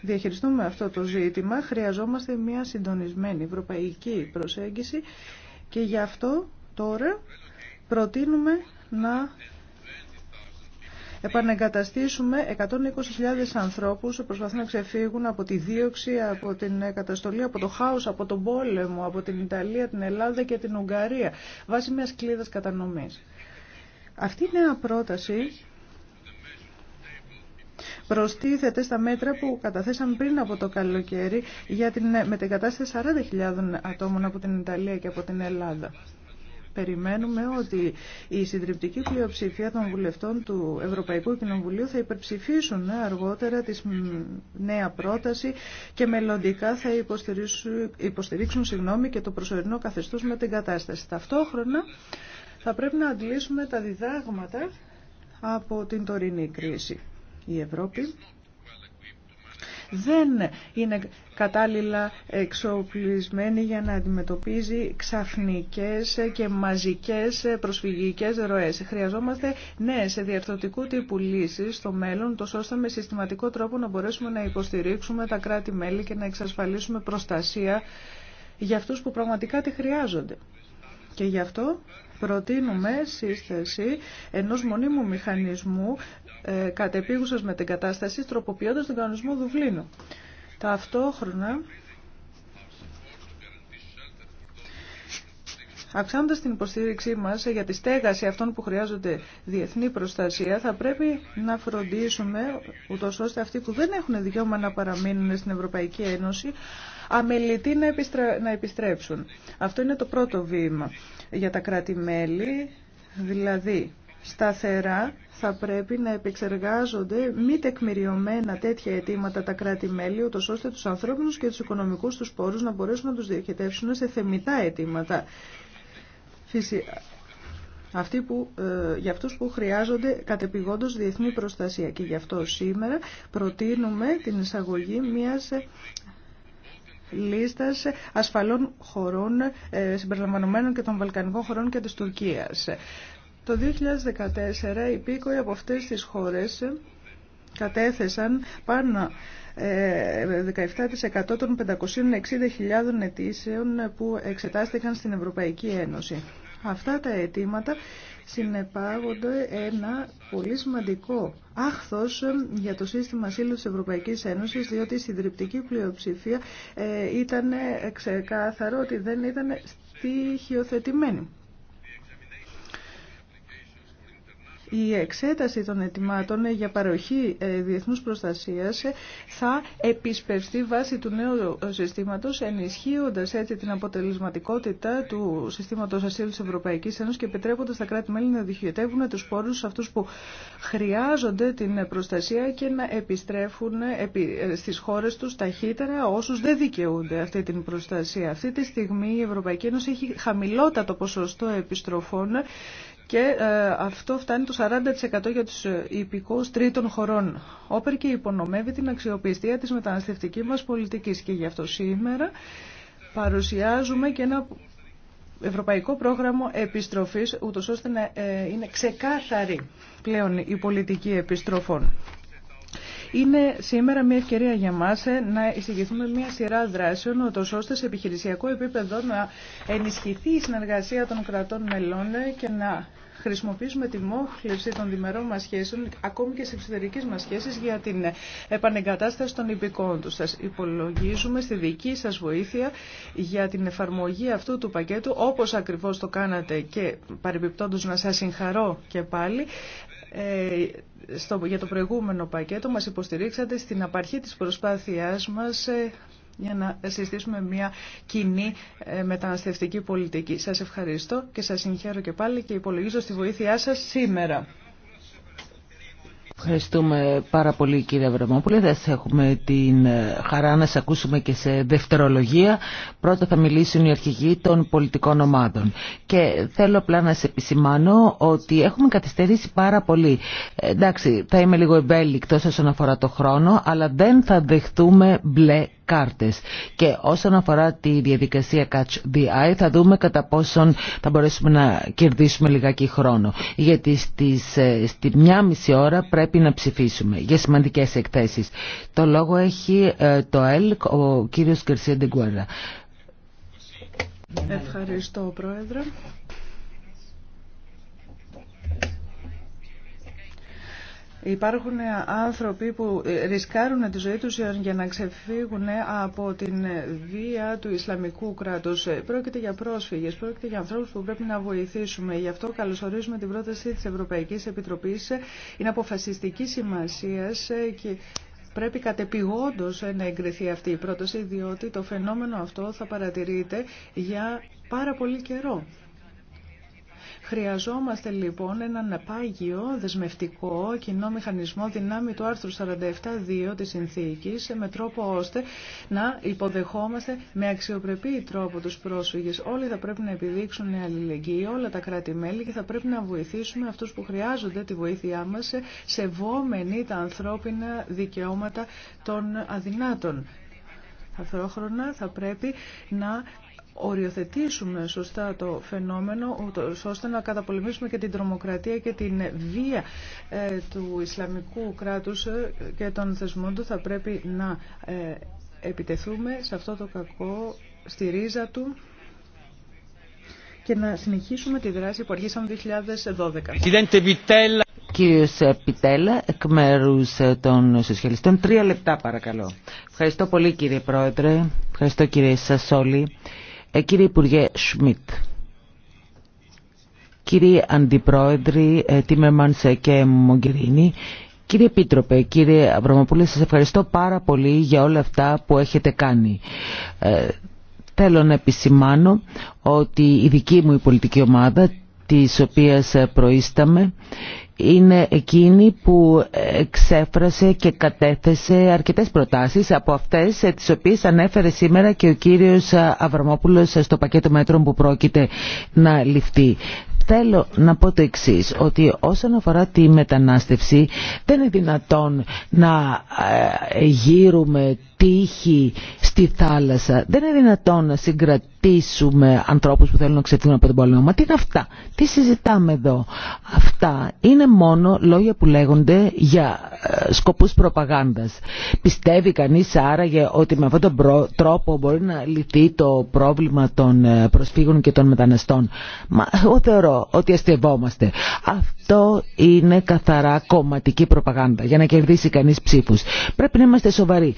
διαχειριστούμε αυτό το ζήτημα χρειαζόμαστε μια συντονισμένη ευρωπαϊκή προσέγγιση και γι' αυτό τώρα προτείνουμε να επανεγκαταστήσουμε 120.000 ανθρώπους που προσπαθούν να ξεφύγουν από τη δίωξη, από την καταστολή, από το χάος, από τον πόλεμο, από την Ιταλία, την Ελλάδα και την Ουγγαρία, βάσει μιας κλίδας κατανομής. Αυτή η νέα πρόταση προστίθεται στα μέτρα που καταθέσαμε πριν από το καλοκαίρι για την μετεγκατάσταση 40.000 ατόμων από την Ιταλία και από την Ελλάδα περιμένουμε ότι η συντριπτική πλειοψηφία των βουλευτών του Ευρωπαϊκού Κοινοβουλίου θα υπερψηφίσουν αργότερα τη νέα πρόταση και μελλοντικά θα υποστηρίξουν, υποστηρίξουν συγγνώμη, και το προσωρινό καθεστώς με την κατάσταση. Ταυτόχρονα θα πρέπει να αντλήσουμε τα διδάγματα από την τωρινή κρίση. Η Ευρώπη δεν είναι κατάλληλα εξοπλισμένη για να αντιμετωπίζει ξαφνικές και μαζικές προσφυγικές ροές. Χρειαζόμαστε σε διαρθρωτικού τύπου λύσεις στο μέλλον, τόσο ώστε με συστηματικό τρόπο να μπορέσουμε να υποστηρίξουμε τα κράτη-μέλη και να εξασφαλίσουμε προστασία για αυτούς που πραγματικά τη χρειάζονται. Και γι' αυτό προτείνουμε σύσθεση ενός μονίμου μηχανισμού ε, την κατάσταση τροποποιώντας τον κανονισμό Δουβλίνου. Ταυτόχρονα, Αυξάνοντα την υποστήριξή μα για τη στέγαση αυτών που χρειάζονται διεθνή προστασία, θα πρέπει να φροντίσουμε ούτω ώστε αυτοί που δεν έχουν δικαίωμα να παραμείνουν στην Ευρωπαϊκή Ένωση αμελητοί να, να επιστρέψουν. Αυτό είναι το πρώτο βήμα για τα κράτη-μέλη, δηλαδή σταθερά θα πρέπει να επεξεργάζονται μη τεκμηριωμένα τέτοια αιτήματα τα κράτη-μέλη, ούτω ώστε τους ανθρώπινου και του οικονομικούς του πόρου να μπορέσουν να τους διοικητεύσουν σε θεμητά αιτήματα. Αυτοί που, ε, για αυτούς που χρειάζονται κατεπηγόντως διεθνή προστασία. Και γι' αυτό σήμερα προτείνουμε την εισαγωγή μιας ε, λίστας ασφαλών χωρών, ε, συμπεριλαμβανομένων και των Βαλκανικών χωρών και της Τουρκίας. Το 2014 οι πήκοοι από αυτές τις χώρες κατέθεσαν πάνω 17% ε, των 560.000 αιτήσεων που εξετάστηκαν στην Ευρωπαϊκή Ένωση. Αυτά τα αιτήματα συνεπάγονται ένα πολύ σημαντικό άχθος για το σύστημα σύλλου της Ευρωπαϊκής Ένωσης, διότι η συντριπτική πλειοψηφία ε, ήταν ξεκάθαρο ότι δεν ήταν στοιχειοθετημένη. Η εξέταση των ετοιμάτων για παροχή ε, διεθνούς προστασίας θα επισπευστεί βάσει του νέου συστήματος ενισχύοντας έτσι την αποτελεσματικότητα του συστήματος ασύλου της Ευρωπαϊκής Ένωσης και επιτρέποντας τα κράτη-μέλη να διοχετεύουν τους πόρους αυτούς που χρειάζονται την προστασία και να επιστρέφουν ε, στις χώρες τους ταχύτερα όσους δεν δικαιούνται αυτή την προστασία. Αυτή τη στιγμή η Ευρωπαϊκή Ένωση έχει χαμηλότατο ποσοστό επιστροφών και ε, αυτό φτάνει το 40% για τους ε, υπηκούς τρίτων χωρών. Όπερ και υπονομεύει την αξιοπιστία της μεταναστευτικής μας πολιτικής και γι' αυτό σήμερα παρουσιάζουμε και ένα ευρωπαϊκό πρόγραμμα επιστροφής, ούτως ώστε να ε, είναι ξεκάθαρη πλέον η πολιτική επιστροφών. Είναι σήμερα μια ευκαιρία για μα ε, να εισηγηθούμε μια σειρά δράσεων, ώστε σε επιχειρησιακό επίπεδο να ενισχυθεί η συνεργασία των κρατών μελών ε, και να χρησιμοποιήσουμε τη μόχλευση των διμερών μας σχέσεων, ακόμη και σε εξωτερικές μας σχέσεις, για την επανεγκατάσταση των υπηκών τους. Σας υπολογίζουμε στη δική σας βοήθεια για την εφαρμογή αυτού του πακέτου, όπως ακριβώς το κάνατε και παρεμπιπτόντως να σας συγχαρώ και πάλι, ε, για το προηγούμενο πακέτο μας υποστηρίξατε στην απαρχή της προσπάθειάς μας ε, για να συστήσουμε μια κοινή ε, μεταναστευτική πολιτική. Σας ευχαριστώ και σας συγχαίρω και πάλι και υπολογίζω στη βοήθειά σας σήμερα. Ευχαριστούμε πάρα πολύ κύριε Αβραμόπουλε. Θα έχουμε την ε, χαρά να σε ακούσουμε και σε δευτερολογία. Πρώτα θα μιλήσουν οι αρχηγοί των πολιτικών ομάδων. Και θέλω απλά να σε επισημάνω ότι έχουμε καθυστερήσει πάρα πολύ. Ε, εντάξει, θα είμαι λίγο εμπέληκτος όσον αφορά το χρόνο, αλλά δεν θα δεχτούμε μπλε κάρτες. Και όσον αφορά τη διαδικασία Catch the Eye θα δούμε κατά πόσον θα μπορέσουμε να κερδίσουμε λιγάκι χρόνο. Γιατί στις, ε, στη μια μισή ώρα πρέπει να ψηφίσουμε για σημαντικές εκθέσεις. Το λόγο έχει ε, το ΕΛΚ ο κύριος Κερσία Ντεγκουέρα. Ευχαριστώ πρόεδρε. Υπάρχουν ε, άνθρωποι που ε, ρισκάρουν τη ζωή τους ε, για να ξεφύγουν από την βία του Ισλαμικού κράτους. Πρόκειται για πρόσφυγες, πρόκειται για ανθρώπους που πρέπει να βοηθήσουμε. Γι' αυτό καλωσορίζουμε την πρόταση της Ευρωπαϊκής Επιτροπής. Είναι αποφασιστική σημασία και πρέπει κατεπηγόντως να εγκριθεί αυτή η πρόταση, διότι το φαινόμενο αυτό θα παρατηρείται για πάρα πολύ καιρό. Χρειαζόμαστε λοιπόν έναν πάγιο δεσμευτικό κοινό μηχανισμό δυνάμει του άρθρου 47.2 της συνθήκης με τρόπο ώστε να υποδεχόμαστε με αξιοπρεπή τρόπο τους πρόσφυγες. Όλοι θα πρέπει να επιδείξουν αλληλεγγύη, όλα τα κράτη-μέλη και θα πρέπει να βοηθήσουμε αυτούς που χρειάζονται τη βοήθειά μας σεβόμενοι τα ανθρώπινα δικαιώματα των αδυνάτων. θα πρέπει να οριοθετήσουμε σωστά το φαινόμενο ώστε να καταπολεμήσουμε και την τρομοκρατία και την βία ε, του Ισλαμικού κράτους ε, και των θεσμών του θα πρέπει να ε, επιτεθούμε σε αυτό το κακό στη ρίζα του και να συνεχίσουμε τη δράση που αρχίσαμε το 2012. Κύριος Πιτέλα, εκ μέρου των Σοσιαλιστών, τρία λεπτά παρακαλώ. Ευχαριστώ πολύ κύριε Πρόεδρε, ευχαριστώ κύριε Σασόλη. Ε, κύριε Υπουργέ Σμιτ, κύριε Αντιπρόεδρη ε, Τίμερμαν ε, και Μογκερίνη, Κύριε Επίτροπε, κύριε Αβραμοπούλη, σας ευχαριστώ πάρα πολύ για όλα αυτά που έχετε κάνει. Ε, θέλω να επισημάνω ότι η δική μου η πολιτική ομάδα, της οποίας προείσταμε, είναι εκείνη που εξέφρασε και κατέθεσε αρκετές προτάσεις από αυτές ε, τις οποίες ανέφερε σήμερα και ο κύριος Αβραμόπουλος στο πακέτο μέτρων που πρόκειται να ληφθεί. Θέλω να πω το εξή ότι όσον αφορά τη μετανάστευση δεν είναι δυνατόν να ε, γύρουμε τύχη στη θάλασσα. Δεν είναι δυνατόν να συγκρατήσουμε ανθρώπους που θέλουν να ξεφύγουν από τον πόλεμο. Μα τι είναι αυτά, τι συζητάμε εδώ. Αυτά είναι μόνο λόγια που λέγονται για ε, σκοπούς προπαγάνδας. Πιστεύει κανείς άραγε ότι με αυτόν τον τρόπο μπορεί να λυθεί το πρόβλημα των ε, προσφύγων και των μεταναστών. Μα εγώ θεωρώ ότι αστευόμαστε. Αυτό είναι καθαρά κομματική προπαγάνδα για να κερδίσει κανείς ψήφους. Πρέπει να είμαστε σοβαροί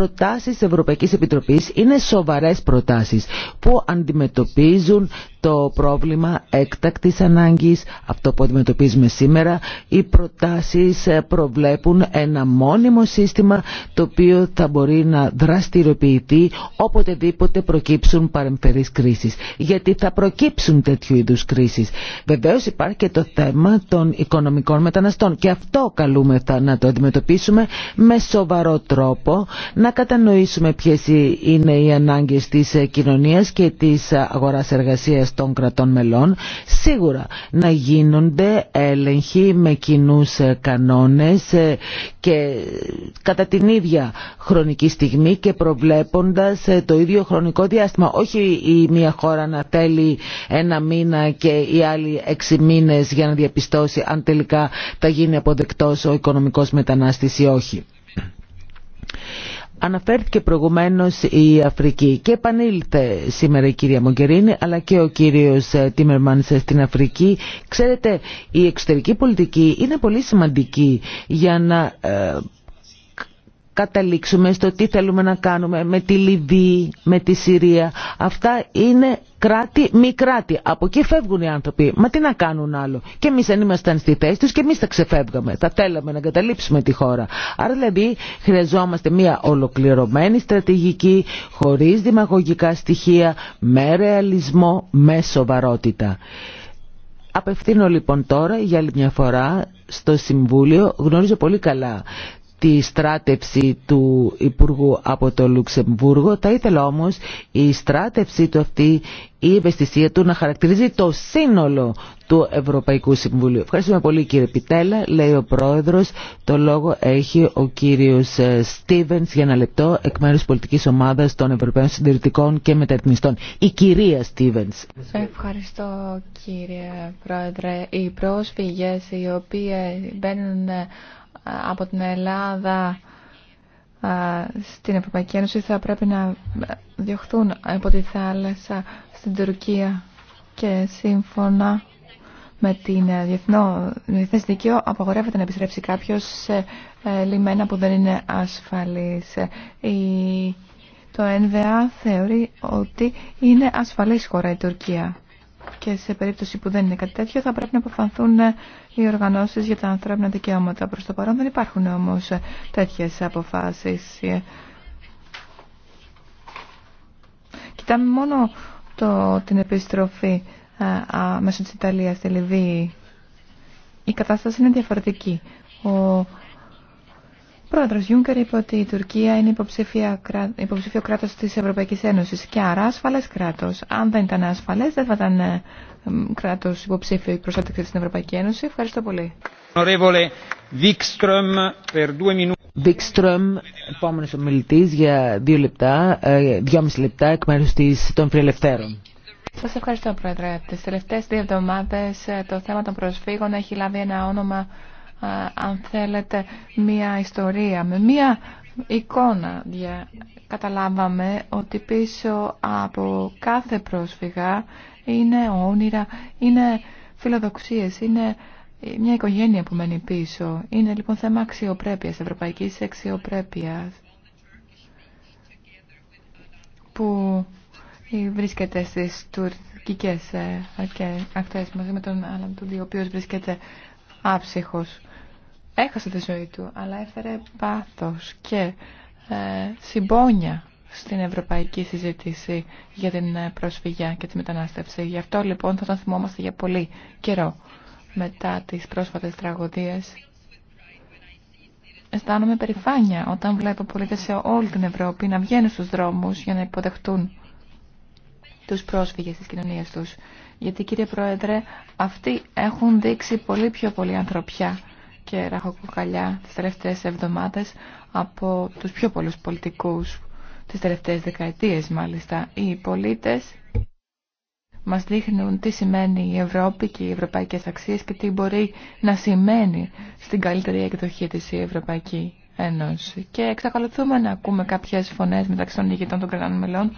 προτάσεις της Ευρωπαϊκής Επιτροπής είναι σοβαρές προτάσεις που αντιμετωπίζουν το πρόβλημα έκτακτης ανάγκης, αυτό που αντιμετωπίζουμε σήμερα. Οι προτάσεις ε, προβλέπουν ένα μόνιμο σύστημα το οποίο θα μπορεί να δραστηριοποιηθεί οποτεδήποτε προκύψουν παρεμφερείς κρίσεις. Γιατί θα προκύψουν τέτοιου είδους κρίσεις. Βεβαίως υπάρχει και το θέμα των οικονομικών μεταναστών και αυτό καλούμεθα να το αντιμετωπίσουμε με σοβαρό τρόπο, να κατανοήσουμε ποιες είναι οι ανάγκες της ε, κοινωνίας και της ε, αγοράς εργασίας των κρατών μελών, σίγουρα να γίνονται έλεγχοι με κοινού ε, κανόνες ε, και κατά την ίδια χρονική στιγμή και προβλέποντας ε, το ίδιο χρονικό διάστημα. Όχι η μία χώρα να θέλει ένα μήνα και η άλλη έξι μήνες για να διαπιστώσει αν τελικά θα γίνει αποδεκτός ο οικονομικός μετανάστης ή όχι. Αναφέρθηκε προηγουμένως η Αφρική και επανήλθε σήμερα η κυρία Μογκερίνη αλλά και ο κύριος ε, Τίμερμαν στην Αφρική. Ξέρετε, η εξωτερική πολιτική είναι πολύ σημαντική για να ε, καταλήξουμε στο τι θέλουμε να κάνουμε με τη Λιβύη, με τη Συρία. Αυτά είναι κράτη μη κράτη. Από εκεί φεύγουν οι άνθρωποι. Μα τι να κάνουν άλλο. Και εμεί αν ήμασταν στη θέση του και εμεί θα ξεφεύγαμε. Θα θέλαμε να καταλήψουμε τη χώρα. Άρα δηλαδή χρειαζόμαστε μια ολοκληρωμένη στρατηγική, χωρί δημαγωγικά στοιχεία, με ρεαλισμό, με σοβαρότητα. Απευθύνω λοιπόν τώρα για άλλη μια φορά στο Συμβούλιο γνωρίζω πολύ καλά τη στράτευση του Υπουργού από το Λουξεμβούργο. Θα ήθελα όμως η στράτευση του αυτή, η ευαισθησία του να χαρακτηρίζει το σύνολο του Ευρωπαϊκού Συμβουλίου. Ευχαριστούμε πολύ κύριε Πιτέλα, λέει ο Πρόεδρος. Το λόγο έχει ο κύριος ε, Στίβενς για ένα λεπτό εκ μέρους πολιτικής ομάδας των Ευρωπαίων Συντηρητικών και Μεταρρυθμιστών. Η κυρία Στίβενς. Ευχαριστώ κύριε Πρόεδρε. Οι πρόσφυγες οι οποίοι μπαίνουν από την Ελλάδα στην Ευρωπαϊκή Ένωση θα πρέπει να διωχθούν από τη θάλασσα στην Τουρκία και σύμφωνα με την ε, διεθνές δίκαιο απαγορεύεται να επιστρέψει κάποιος σε ε, λιμένα που δεν είναι ασφαλής. Ε, το ΕΝΔΑ θεωρεί ότι είναι ασφαλής χώρα η Τουρκία και σε περίπτωση που δεν είναι κάτι τέτοιο θα πρέπει να αποφανθούν ε, οι οργανώσεις για τα ανθρώπινα δικαιώματα. Προς το παρόν δεν υπάρχουν όμως ε, τέτοιες αποφάσεις. Ε. Κοιτάμε μόνο την επιστροφή μέσω της Ιταλίας στη Λιβύη. Η κατάσταση είναι διαφορετική. Ο πρόεδρος Γιούγκερ είπε ότι η Τουρκία είναι υποψήφιο κράτος της Ευρωπαϊκής Ένωσης και άρα ασφαλές κράτος. Αν δεν ήταν ασφαλές δεν θα ήταν ε, κράτος υποψήφιο προστάτευση στην Ευρωπαϊκή Ένωση. Ευχαριστώ πολύ. Βίκστρομ, επόμενος ομιλητής για δύο λεπτά, ε, δυόμιση λεπτά εκ μέρους της, των φιλελευθέρων. Σα ευχαριστώ, Πρόεδρε. Τι τελευταίε δύο εβδομάδε ε, το θέμα των προσφύγων έχει λάβει ένα όνομα αν θέλετε, μία ιστορία, με μία εικόνα. Καταλάβαμε ότι πίσω από κάθε πρόσφυγα είναι όνειρα, είναι φιλοδοξίες, είναι μια οικογένεια που μένει πίσω. Είναι λοιπόν θέμα αξιοπρέπειας, ευρωπαϊκής αξιοπρέπειας που βρίσκεται στις τουρκικές ε, ακτές μαζί με τον Αλαντούλη, ο οποίος βρίσκεται άψυχος έχασε τη ζωή του, αλλά έφερε πάθος και ε, συμπόνια στην ευρωπαϊκή συζήτηση για την ε, προσφυγιά και τη μετανάστευση. Γι' αυτό λοιπόν θα τον θυμόμαστε για πολύ καιρό μετά τις πρόσφατες τραγωδίες. Αισθάνομαι περηφάνεια όταν βλέπω πολίτες σε όλη την Ευρώπη να βγαίνουν στους δρόμους για να υποδεχτούν τους πρόσφυγες της κοινωνίας τους. Γιατί κύριε Πρόεδρε, αυτοί έχουν δείξει πολύ πιο πολύ ανθρωπιά και ραχοκοκαλιά τις τελευταίες εβδομάδες από τους πιο πολλούς πολιτικούς τις τελευταίες δεκαετίες μάλιστα. Οι πολίτες μας δείχνουν τι σημαίνει η Ευρώπη και οι ευρωπαϊκές αξίες και τι μπορεί να σημαίνει στην καλύτερη εκδοχή της η Ευρωπαϊκή Ένωση. Και εξακολουθούμε να ακούμε κάποιες φωνές μεταξύ των ηγετών των κρατών μελών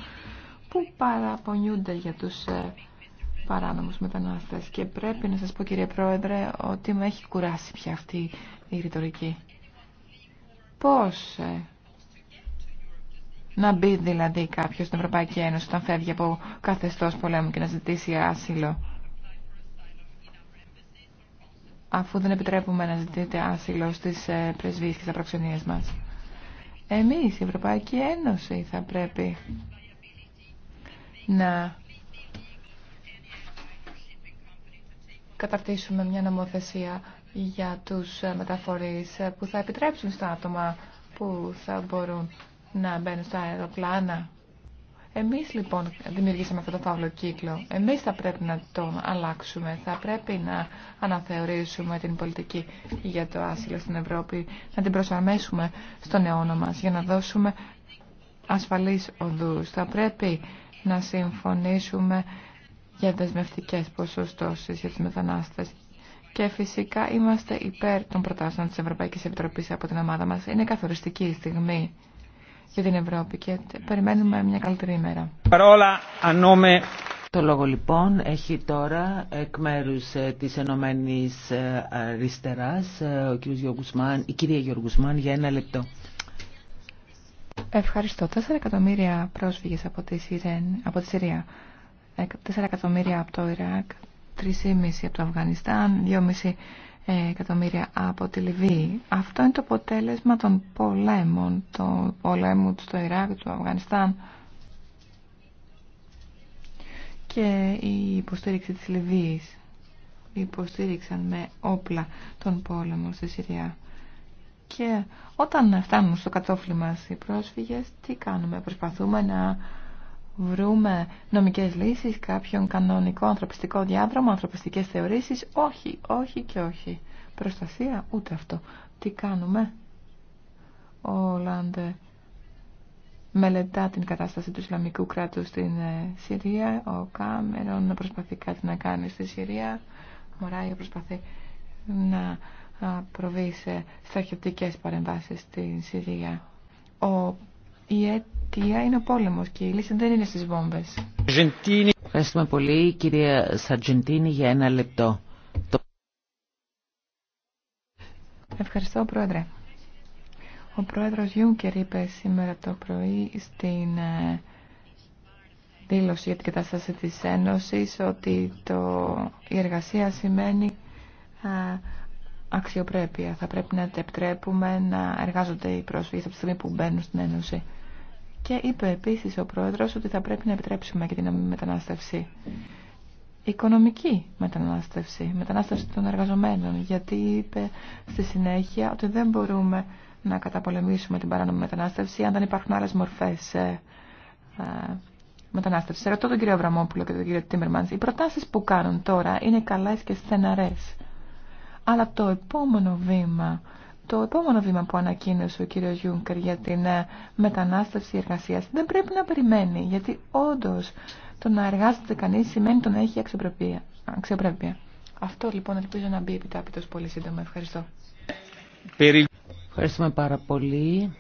που παραπονιούνται για τους ε, παράνομους μετανάστες. Και πρέπει να σας πω κύριε Πρόεδρε ότι με έχει κουράσει πια αυτή η ρητορική. Πώς ε, να μπει δηλαδή κάποιος στην Ευρωπαϊκή Ένωση όταν φεύγει από καθεστώς πολέμου και να ζητήσει άσυλο αφού δεν επιτρέπουμε να ζητείτε άσυλο στις ε, πρεσβείες και στα προξενίες μας. Εμείς, η Ευρωπαϊκή Ένωση, θα πρέπει να καταρτήσουμε μια νομοθεσία για τους ε, μεταφορείς ε, που θα επιτρέψουν στα άτομα που θα μπορούν να μπαίνουν στα αεροπλάνα. Εμείς λοιπόν δημιουργήσαμε αυτό το φαύλο κύκλο. Εμείς θα πρέπει να τον αλλάξουμε. Θα πρέπει να αναθεωρήσουμε την πολιτική για το άσυλο στην Ευρώπη, να την προσαρμέσουμε στον αιώνα μας για να δώσουμε ασφαλείς οδούς. Θα πρέπει να συμφωνήσουμε για δεσμευτικές ποσοστώσεις για τους μετανάστες. Και φυσικά είμαστε υπέρ των προτάσεων της Ευρωπαϊκής Επιτροπής από την ομάδα μας. Είναι καθοριστική η στιγμή για την Ευρώπη και περιμένουμε μια καλύτερη ημέρα. Παρόλα, Το λόγο λοιπόν έχει τώρα εκ μέρου ε, τη Ενωμένη ε, Αριστερά ε, ο κ. η κυρία Σμάν για ένα λεπτό. Ευχαριστώ. Τέσσερα εκατομμύρια πρόσφυγε από τη Συρία 4 εκατομμύρια από το Ιράκ, 3,5 από το Αφγανιστάν, 2,5 εκατομμύρια από τη Λιβύη. Αυτό είναι το αποτέλεσμα των πολέμων, των πολέμων στο Ιράκ, του Αφγανιστάν και η υποστήριξη της Λιβύης. Υποστήριξαν με όπλα τον πόλεμο στη Συρία. Και όταν φτάνουν στο κατόφλι μας οι πρόσφυγες, τι κάνουμε, προσπαθούμε να βρούμε νομικές λύσεις, κάποιον κανονικό ανθρωπιστικό διάδρομο, ανθρωπιστικές θεωρήσεις. Όχι, όχι και όχι. Προστασία, ούτε αυτό. Τι κάνουμε. Ο Λάντε μελετά την κατάσταση του Ισλαμικού κράτους στην ε, Συρία. Ο Κάμερον προσπαθεί κάτι να κάνει στη Συρία. Ο Μωράιο προσπαθεί να προβεί σε στρατιωτικές παρεμβάσεις στην Συρία. Ο αιτία είναι ο πόλεμος και η λύση δεν είναι στις βόμβες. Ευχαριστούμε πολύ κυρία Σαρτζεντίνη για ένα λεπτό. Ευχαριστώ πρόεδρε. Ο πρόεδρος Γιούγκερ είπε σήμερα το πρωί στην ε, δήλωση για την κατάσταση της Ένωσης ότι το, η εργασία σημαίνει ε, αξιοπρέπεια. Θα πρέπει να επιτρέπουμε να εργάζονται οι πρόσφυγες από τη στιγμή που μπαίνουν στην Ένωση. Και είπε επίσης ο Πρόεδρος ότι θα πρέπει να επιτρέψουμε και την μετανάστευση. Οικονομική μετανάστευση, μετανάστευση των εργαζομένων, γιατί είπε στη συνέχεια ότι δεν μπορούμε να καταπολεμήσουμε την παράνομη μετανάστευση αν δεν υπάρχουν άλλες μορφές ε, ε, μετανάστευση. Ρωτώ τον κύριο Βραμόπουλο και τον κύριο Τίμερμαντ. Οι προτάσει που κάνουν τώρα είναι καλέ και στεναρέ. Αλλά το επόμενο βήμα το επόμενο βήμα που ανακοίνωσε ο κύριος Γιούγκερ για την ε, μετανάστευση εργασίας δεν πρέπει να περιμένει, γιατί όντως το να εργάζεται κανείς σημαίνει το να έχει αξιοπρέπεια. αξιοπρέπεια. Αυτό λοιπόν ελπίζω να μπει επιτάπητος πολύ σύντομα. Ευχαριστώ. Ευχαριστούμε πάρα πολύ.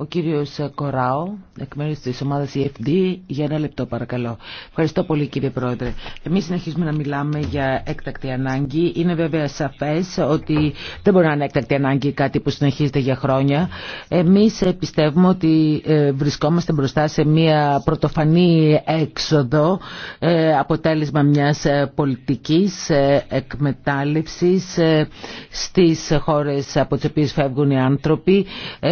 Ο κύριος Κοράο, εκ μέρους της ομάδας EFD, για ένα λεπτό παρακαλώ. Ευχαριστώ πολύ κύριε Πρόεδρε. Εμείς συνεχίζουμε να μιλάμε για έκτακτη ανάγκη. Είναι βέβαια σαφές ότι δεν μπορεί να είναι έκτακτη ανάγκη κάτι που συνεχίζεται για χρόνια. Εμείς πιστεύουμε ότι ε, βρισκόμαστε μπροστά σε μια πρωτοφανή έξοδο, ε, αποτέλεσμα μιας ε, πολιτικής εκμετάλλευσης στις χώρες από τις οποίες φεύγουν οι άνθρωποι.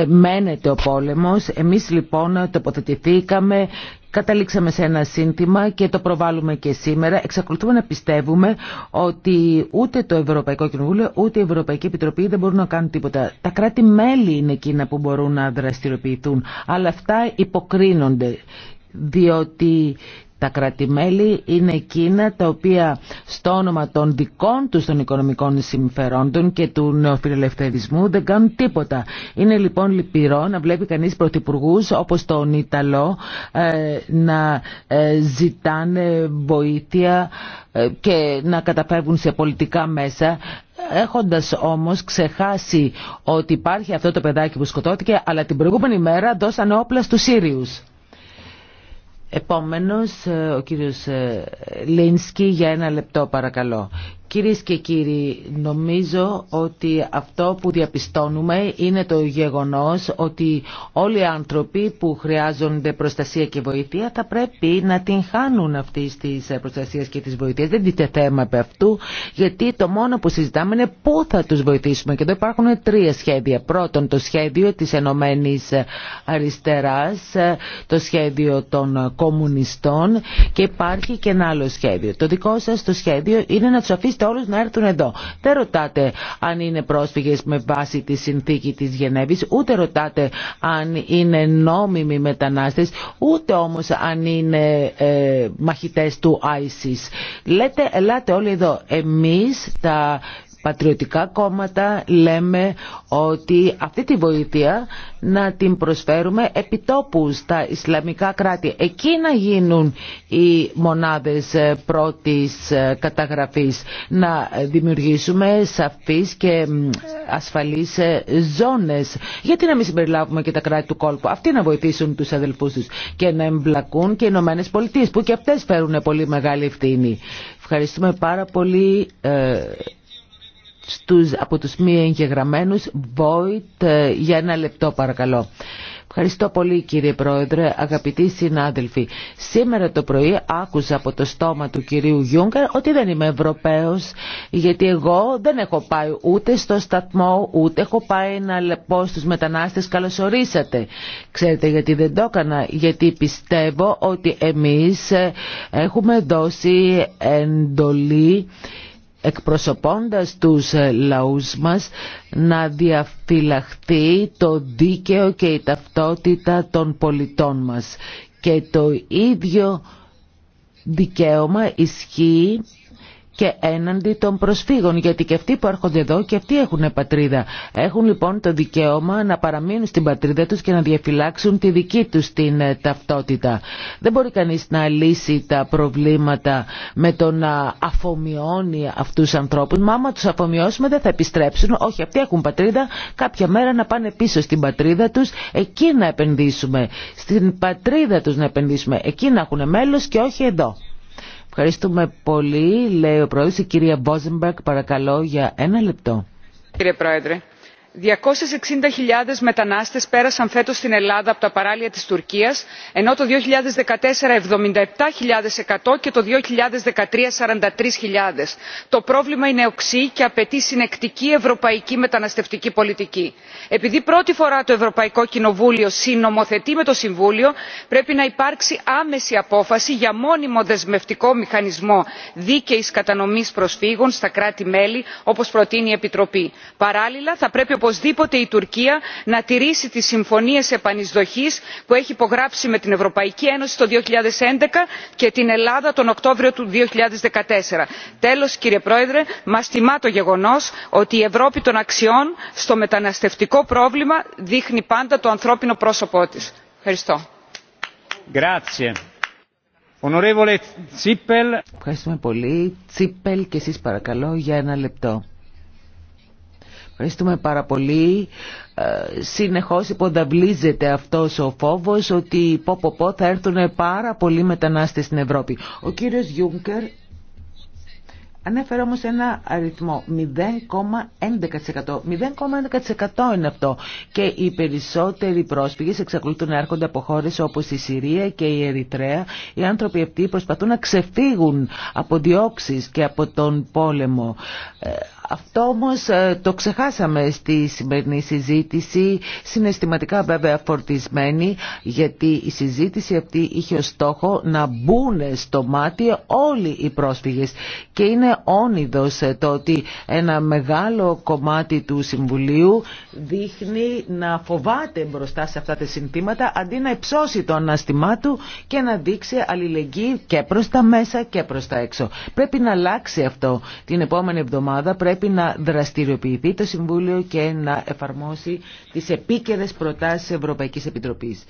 Μένεται ο πόλεμος. Εμείς λοιπόν τοποθετηθήκαμε Καταλήξαμε σε ένα σύνθημα και το προβάλλουμε και σήμερα. Εξακολουθούμε να πιστεύουμε ότι ούτε το Ευρωπαϊκό Κοινοβούλιο ούτε η Ευρωπαϊκή Επιτροπή δεν μπορούν να κάνουν τίποτα. Τα κράτη-μέλη είναι εκείνα που μπορούν να δραστηριοποιηθούν, αλλά αυτά υποκρίνονται διότι τα κρατημέλη είναι εκείνα τα οποία στο όνομα των δικών τους των οικονομικών συμφερόντων και του νεοφιλελευθερισμού δεν κάνουν τίποτα. Είναι λοιπόν λυπηρό να βλέπει κανείς πρωθυπουργού όπως τον Ιταλό ε, να ε, ζητάνε βοήθεια ε, και να καταφεύγουν σε πολιτικά μέσα έχοντας όμως ξεχάσει ότι υπάρχει αυτό το παιδάκι που σκοτώθηκε αλλά την προηγούμενη μέρα δώσανε όπλα στους Σύριους. Επόμενος, ε, ο κύριος ε, Λίνσκι για ένα λεπτό παρακαλώ. Κυρίες και κύριοι, νομίζω ότι αυτό που διαπιστώνουμε είναι το γεγονός ότι όλοι οι άνθρωποι που χρειάζονται προστασία και βοήθεια θα πρέπει να την χάνουν αυτή τη προστασία και τη βοήθεια. Δεν δείτε θέμα από αυτού, γιατί το μόνο που συζητάμε είναι πού θα τους βοηθήσουμε. Και εδώ υπάρχουν τρία σχέδια. Πρώτον, το σχέδιο της Ενωμένη ΕΕ, Αριστεράς, το σχέδιο των κομμουνιστών και υπάρχει και ένα άλλο σχέδιο. Το δικό σας το σχέδιο είναι να του αφήσει καλείστε όλους να έρθουν εδώ. Δεν ρωτάτε αν είναι πρόσφυγες με βάση τη συνθήκη της Γενέβης, ούτε ρωτάτε αν είναι νόμιμοι μετανάστες, ούτε όμως αν είναι ε, μαχητές του ISIS. Λέτε, ελάτε όλοι εδώ. Εμείς τα πατριωτικά κόμματα λέμε ότι αυτή τη βοήθεια να την προσφέρουμε επιτόπου στα Ισλαμικά κράτη. Εκεί να γίνουν οι μονάδες ε, πρώτης ε, καταγραφής. Να δημιουργήσουμε σαφείς και ασφαλείς ε, ζώνες. Γιατί να μην συμπεριλάβουμε και τα κράτη του κόλπου. Αυτοί να βοηθήσουν τους αδελφούς τους και να εμπλακούν και οι Ηνωμένε Πολιτείε που και αυτές φέρουν πολύ μεγάλη ευθύνη. Ευχαριστούμε πάρα πολύ στους, από τους μη εγγεγραμμένους. Βόιτ, ε, για ένα λεπτό παρακαλώ. Ευχαριστώ πολύ κύριε Πρόεδρε, αγαπητοί συνάδελφοι. Σήμερα το πρωί άκουσα από το στόμα του κυρίου Γιούγκαρ ότι δεν είμαι Ευρωπαίος, γιατί εγώ δεν έχω πάει ούτε στο σταθμό, ούτε έχω πάει να λεπώ στους μετανάστες καλωσορίσατε. Ξέρετε γιατί δεν το έκανα, γιατί πιστεύω ότι εμείς ε, έχουμε δώσει εντολή εκπροσωπώντας τους ε, λαούς μας να διαφυλαχθεί το δίκαιο και η ταυτότητα των πολιτών μας. Και το ίδιο δικαίωμα ισχύει και έναντι των προσφύγων γιατί και αυτοί που έρχονται εδώ και αυτοί έχουν πατρίδα. Έχουν λοιπόν το δικαίωμα να παραμείνουν στην πατρίδα τους και να διαφυλάξουν τη δική τους την ε, ταυτότητα. Δεν μπορεί κανείς να λύσει τα προβλήματα με το να αφομοιώνει αυτούς τους ανθρώπους. Μα άμα τους αφομοιώσουμε δεν θα επιστρέψουν. Όχι, αυτοί έχουν πατρίδα. Κάποια μέρα να πάνε πίσω στην πατρίδα τους. Εκεί να επενδύσουμε. Στην πατρίδα τους να επενδύσουμε. Εκεί να έχουν μέλος και όχι εδώ. Ευχαριστούμε πολύ. Λέει ο πρόεδρος, η κυρία Μπόζεμπερκ, παρακαλώ για ένα λεπτό. Κύριε Πρόεδρε, 260.000 μετανάστες πέρασαν φέτος στην Ελλάδα από τα παράλια της Τουρκίας, ενώ το 2014 77.100 και το 2013 43.000. Το πρόβλημα είναι οξύ και απαιτεί συνεκτική ευρωπαϊκή μεταναστευτική πολιτική. Επειδή πρώτη φορά το Ευρωπαϊκό Κοινοβούλιο συνομοθετεί με το Συμβούλιο, πρέπει να υπάρξει άμεση απόφαση για μόνιμο δεσμευτικό μηχανισμό δίκαιης κατανομής προσφύγων στα κράτη-μέλη, όπως προτείνει η Επιτροπή. Παράλληλα, θα πρέπει οπωσδήποτε η τουρκία να τηρήσει τις συμφωνίες επανεισδοχής που έχει υπογράψει με την ευρωπαϊκή ένωση το 2011 και την ελλάδα τον οκτώβριο του. 2014. τέλος κύριε πρόεδρε μας τιμά το γεγονός ότι η ευρώπη των αξιών στο μεταναστευτικό πρόβλημα δείχνει πάντα το ανθρώπινο πρόσωπό της. ευχαριστώ. Ευχαριστούμε πολύ. Τσίπελ και εσείς παρακαλώ για ένα λεπτό. Ευχαριστούμε πάρα πολύ. Ε, συνεχώς υποδαβλίζεται αυτός ο φόβος ότι πω, πω, θα έρθουν πάρα πολλοί μετανάστες στην Ευρώπη. Ο κύριος Γιούγκερ Ανέφερε όμως ένα αριθμό, 0,11%. 0,11% είναι αυτό. Και οι περισσότεροι πρόσφυγες εξακολουθούν να έρχονται από χώρε όπως η Συρία και η Ερυθρέα. Οι άνθρωποι αυτοί προσπαθούν να ξεφύγουν από διώξεις και από τον πόλεμο. Ε, αυτό όμως ε, το ξεχάσαμε στη σημερινή συζήτηση, συναισθηματικά βέβαια φορτισμένη, γιατί η συζήτηση αυτή είχε ως στόχο να μπουν στο μάτι όλοι οι πρόσφυγες. Και είναι όνειδος ε, το ότι ένα μεγάλο κομμάτι του Συμβουλίου δείχνει να φοβάται μπροστά σε αυτά τα συνθήματα, αντί να υψώσει το αναστημά του και να δείξει αλληλεγγύη και προς τα μέσα και προς τα έξω. Πρέπει να αλλάξει αυτό. Την επόμενη εβδομάδα πρέπει να δραστηριοποιηθεί το Συμβούλιο και να εφαρμόσει τις επίκαιρες προτάσεις Ευρωπαϊκής Επιτροπής.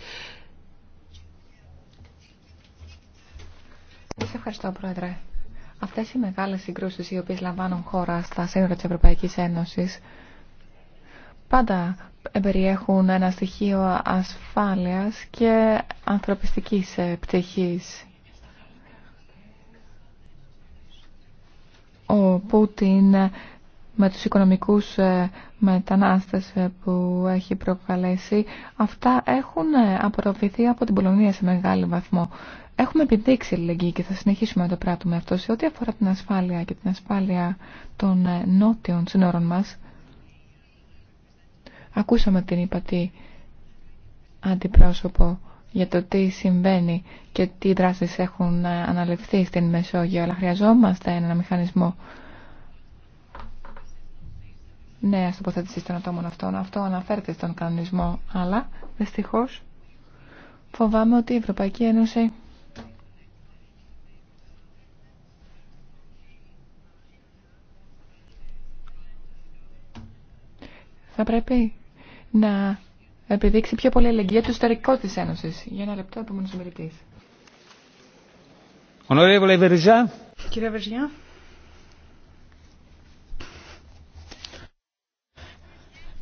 Σας ευχαριστώ, Πρόεδρε. Αυτές οι μεγάλες συγκρούσεις οι οποίες λαμβάνουν χώρα στα σύνορα της Ευρωπαϊκής Ένωσης πάντα περιέχουν ένα στοιχείο ασφάλειας και ανθρωπιστικής ε, πτυχής. Ο Πούτιν με τους οικονομικούς ε, μετανάστες ε, που έχει προκαλέσει, αυτά έχουν ε, απορροφηθεί από την Πολωνία σε μεγάλο βαθμό. Έχουμε επιδείξει λεγγύη και θα συνεχίσουμε να το πράττουμε αυτό σε ό,τι αφορά την ασφάλεια και την ασφάλεια των νότιων συνόρων μας. Ακούσαμε την υπατή αντιπρόσωπο για το τι συμβαίνει και τι δράσεις έχουν αναλυφθεί στην Μεσόγειο, αλλά χρειαζόμαστε ένα μηχανισμό νέα τοποθέτηση των ατόμων αυτών. Αυτό αναφέρεται στον κανονισμό, αλλά δυστυχώ φοβάμαι ότι η Ευρωπαϊκή Ένωση θα πρέπει να επιδείξει πιο πολύ αλληλεγγύη του ιστορικό της Ένωσης. Για ένα λεπτό, επόμενος ομιλητή. Κύριε Βεριζιά.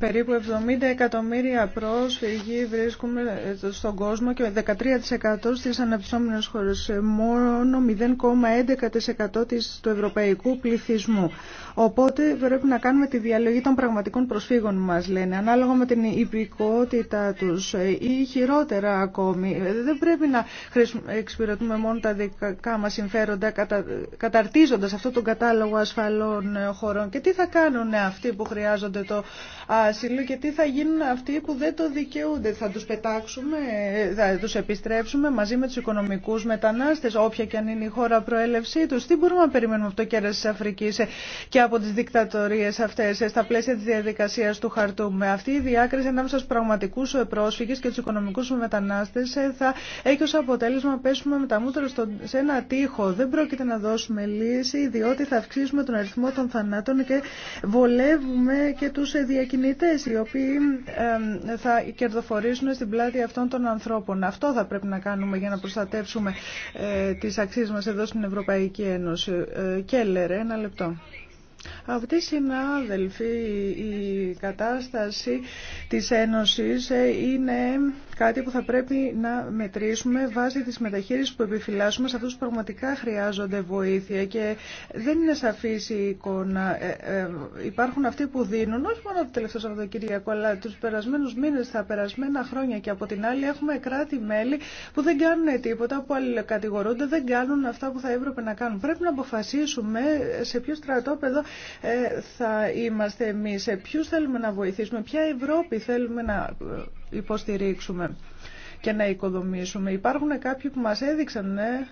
περίπου 70 εκατομμύρια πρόσφυγοι βρίσκουμε στον κόσμο και 13% στις αναπτυσσόμενες χώρες, μόνο 0,11% του ευρωπαϊκού πληθυσμού. Οπότε πρέπει να κάνουμε τη διαλογή των πραγματικών προσφύγων μας, λένε, ανάλογα με την υπηκότητά τους ή χειρότερα ακόμη. Δεν πρέπει να εξυπηρετούμε μόνο τα δικά μας συμφέροντα κατα... καταρτίζοντας αυτόν τον κατάλογο ασφαλών χωρών. Και τι θα κάνουν αυτοί που χρειάζονται το άσυλο και τι θα γίνουν αυτοί που δεν το δικαιούνται. Θα τους πετάξουμε, θα τους επιστρέψουμε μαζί με τους οικονομικούς μετανάστες, όποια και αν είναι η χώρα προέλευσή τους. Τι μπορούμε να περιμένουμε από το κέρας της Αφρικής και από τις δικτατορίες αυτές ε, στα πλαίσια της διαδικασίας του χαρτού. Με αυτή η διάκριση ανάμεσα στους πραγματικούς πρόσφυγες και τους οικονομικούς μετανάστες ε, θα έχει ως αποτέλεσμα πέσουμε με τα μούτρα σε ένα τείχο. Δεν πρόκειται να δώσουμε λύση διότι θα αυξήσουμε τον αριθμό των θανάτων και βολεύουμε και τους διακινητές οι οποίοι θα κερδοφορήσουν στην πλάτη αυτών των ανθρώπων. Αυτό θα πρέπει να κάνουμε για να προστατεύσουμε ε, τις αξίες μας εδώ στην Ευρωπαϊκή Ένωση. Ε, Κέλλερ, ένα λεπτό. Αυτοί συνάδελφοι, η κατάσταση της Ένωσης ε, είναι κάτι που θα πρέπει να μετρήσουμε βάσει τη μεταχείριση που επιφυλάσσουμε σε αυτού που πραγματικά χρειάζονται βοήθεια και δεν είναι σαφή η εικόνα. Ε, ε, υπάρχουν αυτοί που δίνουν, όχι μόνο το τελευταίο Σαββατοκύριακο, αλλά του περασμένου μήνε, τα περασμένα χρόνια και από την άλλη έχουμε κράτη-μέλη που δεν κάνουν τίποτα, που αλληλεκατηγορούνται δεν κάνουν αυτά που θα έπρεπε να κάνουν. Πρέπει να αποφασίσουμε σε ποιο στρατόπεδο ε, θα είμαστε εμεί, σε ποιου θέλουμε να βοηθήσουμε, ποια Ευρώπη θέλουμε να ε, υποστηρίξουμε και να οικοδομήσουμε. Υπάρχουν κάποιοι που μας έδειξαν ναι,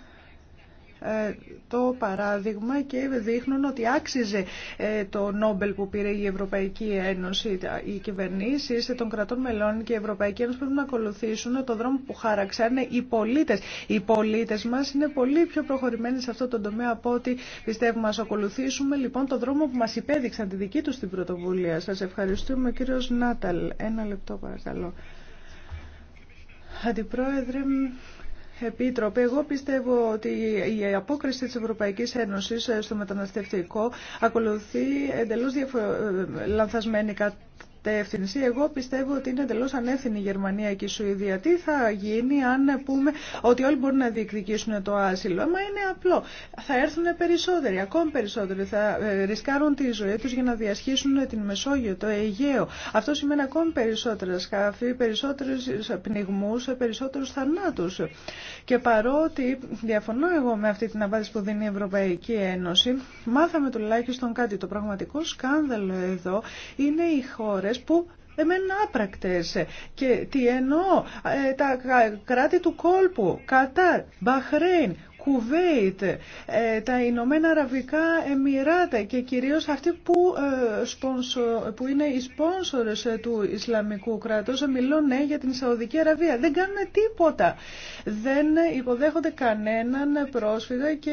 ε, το παράδειγμα και δείχνουν ότι άξιζε ε, το Νόμπελ που πήρε η Ευρωπαϊκή Ένωση. Οι κυβερνήσει των κρατών μελών και η Ευρωπαϊκή Ένωση πρέπει να ακολουθήσουν το δρόμο που χάραξαν οι πολίτε. Οι πολίτε μα είναι πολύ πιο προχωρημένοι σε αυτό το τομέα από ό,τι πιστεύουμε. Α ακολουθήσουμε λοιπόν το δρόμο που μα υπέδειξαν τη δική του την πρωτοβουλία. Σα ευχαριστούμε, κύριο Νάταλ. Ένα λεπτό, παρακαλώ. Αντιπρόεδρε, Επίτροπε, εγώ πιστεύω ότι η απόκριση της Ευρωπαϊκής Ένωσης στο μεταναστευτικό ακολουθεί εντελώς διαφο... Ε, λανθασμένη κατάσταση κατεύθυνση. Εγώ πιστεύω ότι είναι εντελώ ανεύθυνη η Γερμανία και η Σουηδία. Τι θα γίνει αν πούμε ότι όλοι μπορούν να διεκδικήσουν το άσυλο. Μα είναι απλό. Θα έρθουν περισσότεροι, ακόμη περισσότεροι. Θα ε, ρισκάρουν τη ζωή του για να διασχίσουν την Μεσόγειο, το Αιγαίο. Αυτό σημαίνει ακόμη περισσότερα σκάφη, περισσότερου πνιγμού, περισσότερου θανάτου. Και παρότι διαφωνώ εγώ με αυτή την απάντηση που δίνει η Ευρωπαϊκή Ένωση, μάθαμε τουλάχιστον κάτι. Το πραγματικό σκάνδαλο εδώ είναι οι χώρε που εμένουν άπρακτες. Και τι εννοώ, ε, τα κράτη του κόλπου, Κατάρ, Μπαχρέιν, Κουβέιτ, ε, τα Ηνωμένα Αραβικά Εμμυράτα και κυρίως αυτοί που, ε, είναι οι σπόνσορες ε, του Ισλαμικού κράτους μιλούν ναι, για την Σαουδική Αραβία. Δεν κάνουν τίποτα. Δεν υποδέχονται κανέναν πρόσφυγα και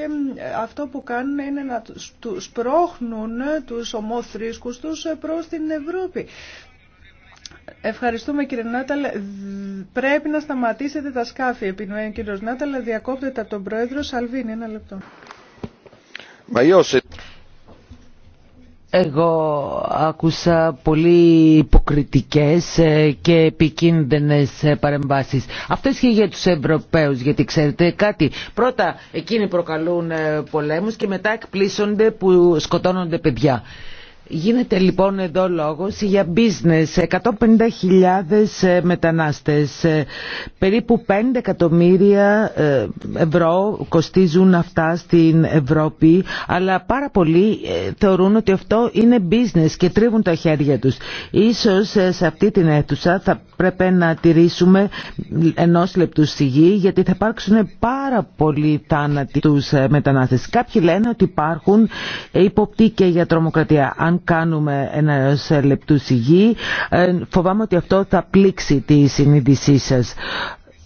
αυτό που κάνουν είναι να σπρώχνουν τους ομοθρήσκους τους προς την Ευρώπη. Ευχαριστούμε κύριε Νάταλ. Πρέπει να σταματήσετε τα σκάφη, επινοεί ο κύριο Νάταλα Διακόπτεται από τον πρόεδρο Σαλβίνη. Ένα λεπτό. Εγώ άκουσα πολύ υποκριτικές ε, και επικίνδυνες ε, παρεμβάσεις. Αυτό ισχύει για τους Ευρωπαίους, γιατί ξέρετε κάτι. Πρώτα εκείνοι προκαλούν ε, πολέμους και μετά εκπλήσονται που σκοτώνονται παιδιά. Γίνεται λοιπόν εδώ λόγο για business, 150.000 ε, μετανάστες, ε, περίπου 5 εκατομμύρια ε, ευρώ κοστίζουν αυτά στην Ευρώπη, αλλά πάρα πολλοί θεωρούν ότι αυτό είναι business και τρίβουν τα χέρια τους. Ίσως σε αυτή την αίθουσα θα πρέπει να τηρήσουμε ενός λεπτού στη γη, γιατί θα υπάρξουν πάρα πολλοί θάνατοι τους μετανάστες. Κάποιοι λένε ότι υπάρχουν υποπτή για τρομοκρατία κάνουμε ένα λεπτούς υγιή, ε, φοβάμαι ότι αυτό θα πλήξει τη συνείδησή σας.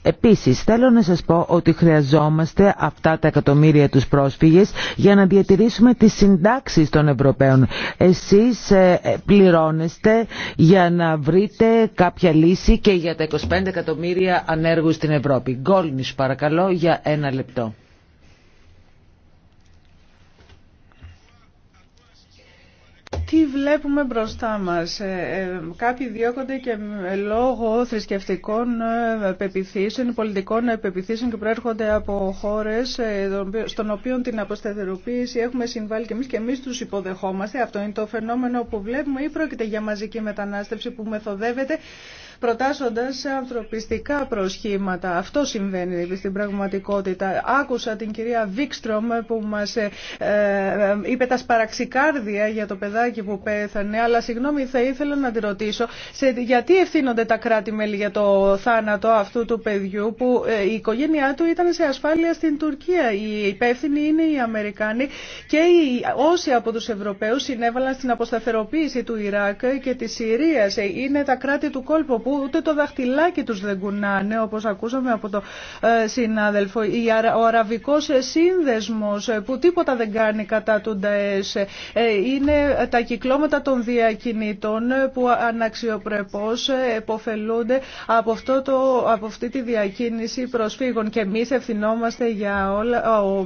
Επίσης θέλω να σας πω ότι χρειαζόμαστε αυτά τα εκατομμύρια τους πρόσφυγες για να διατηρήσουμε τις συντάξεις των Ευρωπαίων. Εσείς ε, πληρώνεστε για να βρείτε κάποια λύση και για τα 25 εκατομμύρια ανέργους στην Ευρώπη. Γκόλνης παρακαλώ για ένα λεπτό. τι βλέπουμε μπροστά μας. Ε, ε, κάποιοι διώκονται και λόγω θρησκευτικών ε, πεπιθήσεων, πολιτικών πεπιθήσεων και προέρχονται από χώρες στον οποίο την αποσταθεροποίηση έχουμε συμβάλει και εμείς και εμείς τους υποδεχόμαστε. Αυτό είναι το φαινόμενο που βλέπουμε ή πρόκειται για μαζική μετανάστευση που μεθοδεύεται σε ανθρωπιστικά προσχήματα. Αυτό συμβαίνει στην πραγματικότητα. Άκουσα την κυρία Βίξτρομ που μας ε, ε, είπε τα σπαραξικάρδια για το παιδάκι που πέθανε, αλλά συγγνώμη θα ήθελα να τη ρωτήσω γιατί ευθύνονται τα κράτη-μέλη για το θάνατο αυτού του παιδιού που ε, η οικογένειά του ήταν σε ασφάλεια στην Τουρκία. Οι υπεύθυνοι είναι οι Αμερικάνοι και οι, όσοι από τους Ευρωπαίους συνέβαλαν στην αποσταθεροποίηση του Ιράκ και της Συρίας. Ε, είναι τα κράτη του κόλπου ούτε το δαχτυλάκι τους δεν κουνάνε όπως ακούσαμε από το ε, συνάδελφο. Ο αραβικός ε, σύνδεσμος ε, που τίποτα δεν κάνει κατά του Νταές είναι τα κυκλώματα των διακινητών που αναξιοπρεπώς εποφελούνται από, αυτό το, από αυτή τη διακίνηση προσφύγων και εμείς ευθυνόμαστε για όλα. Ο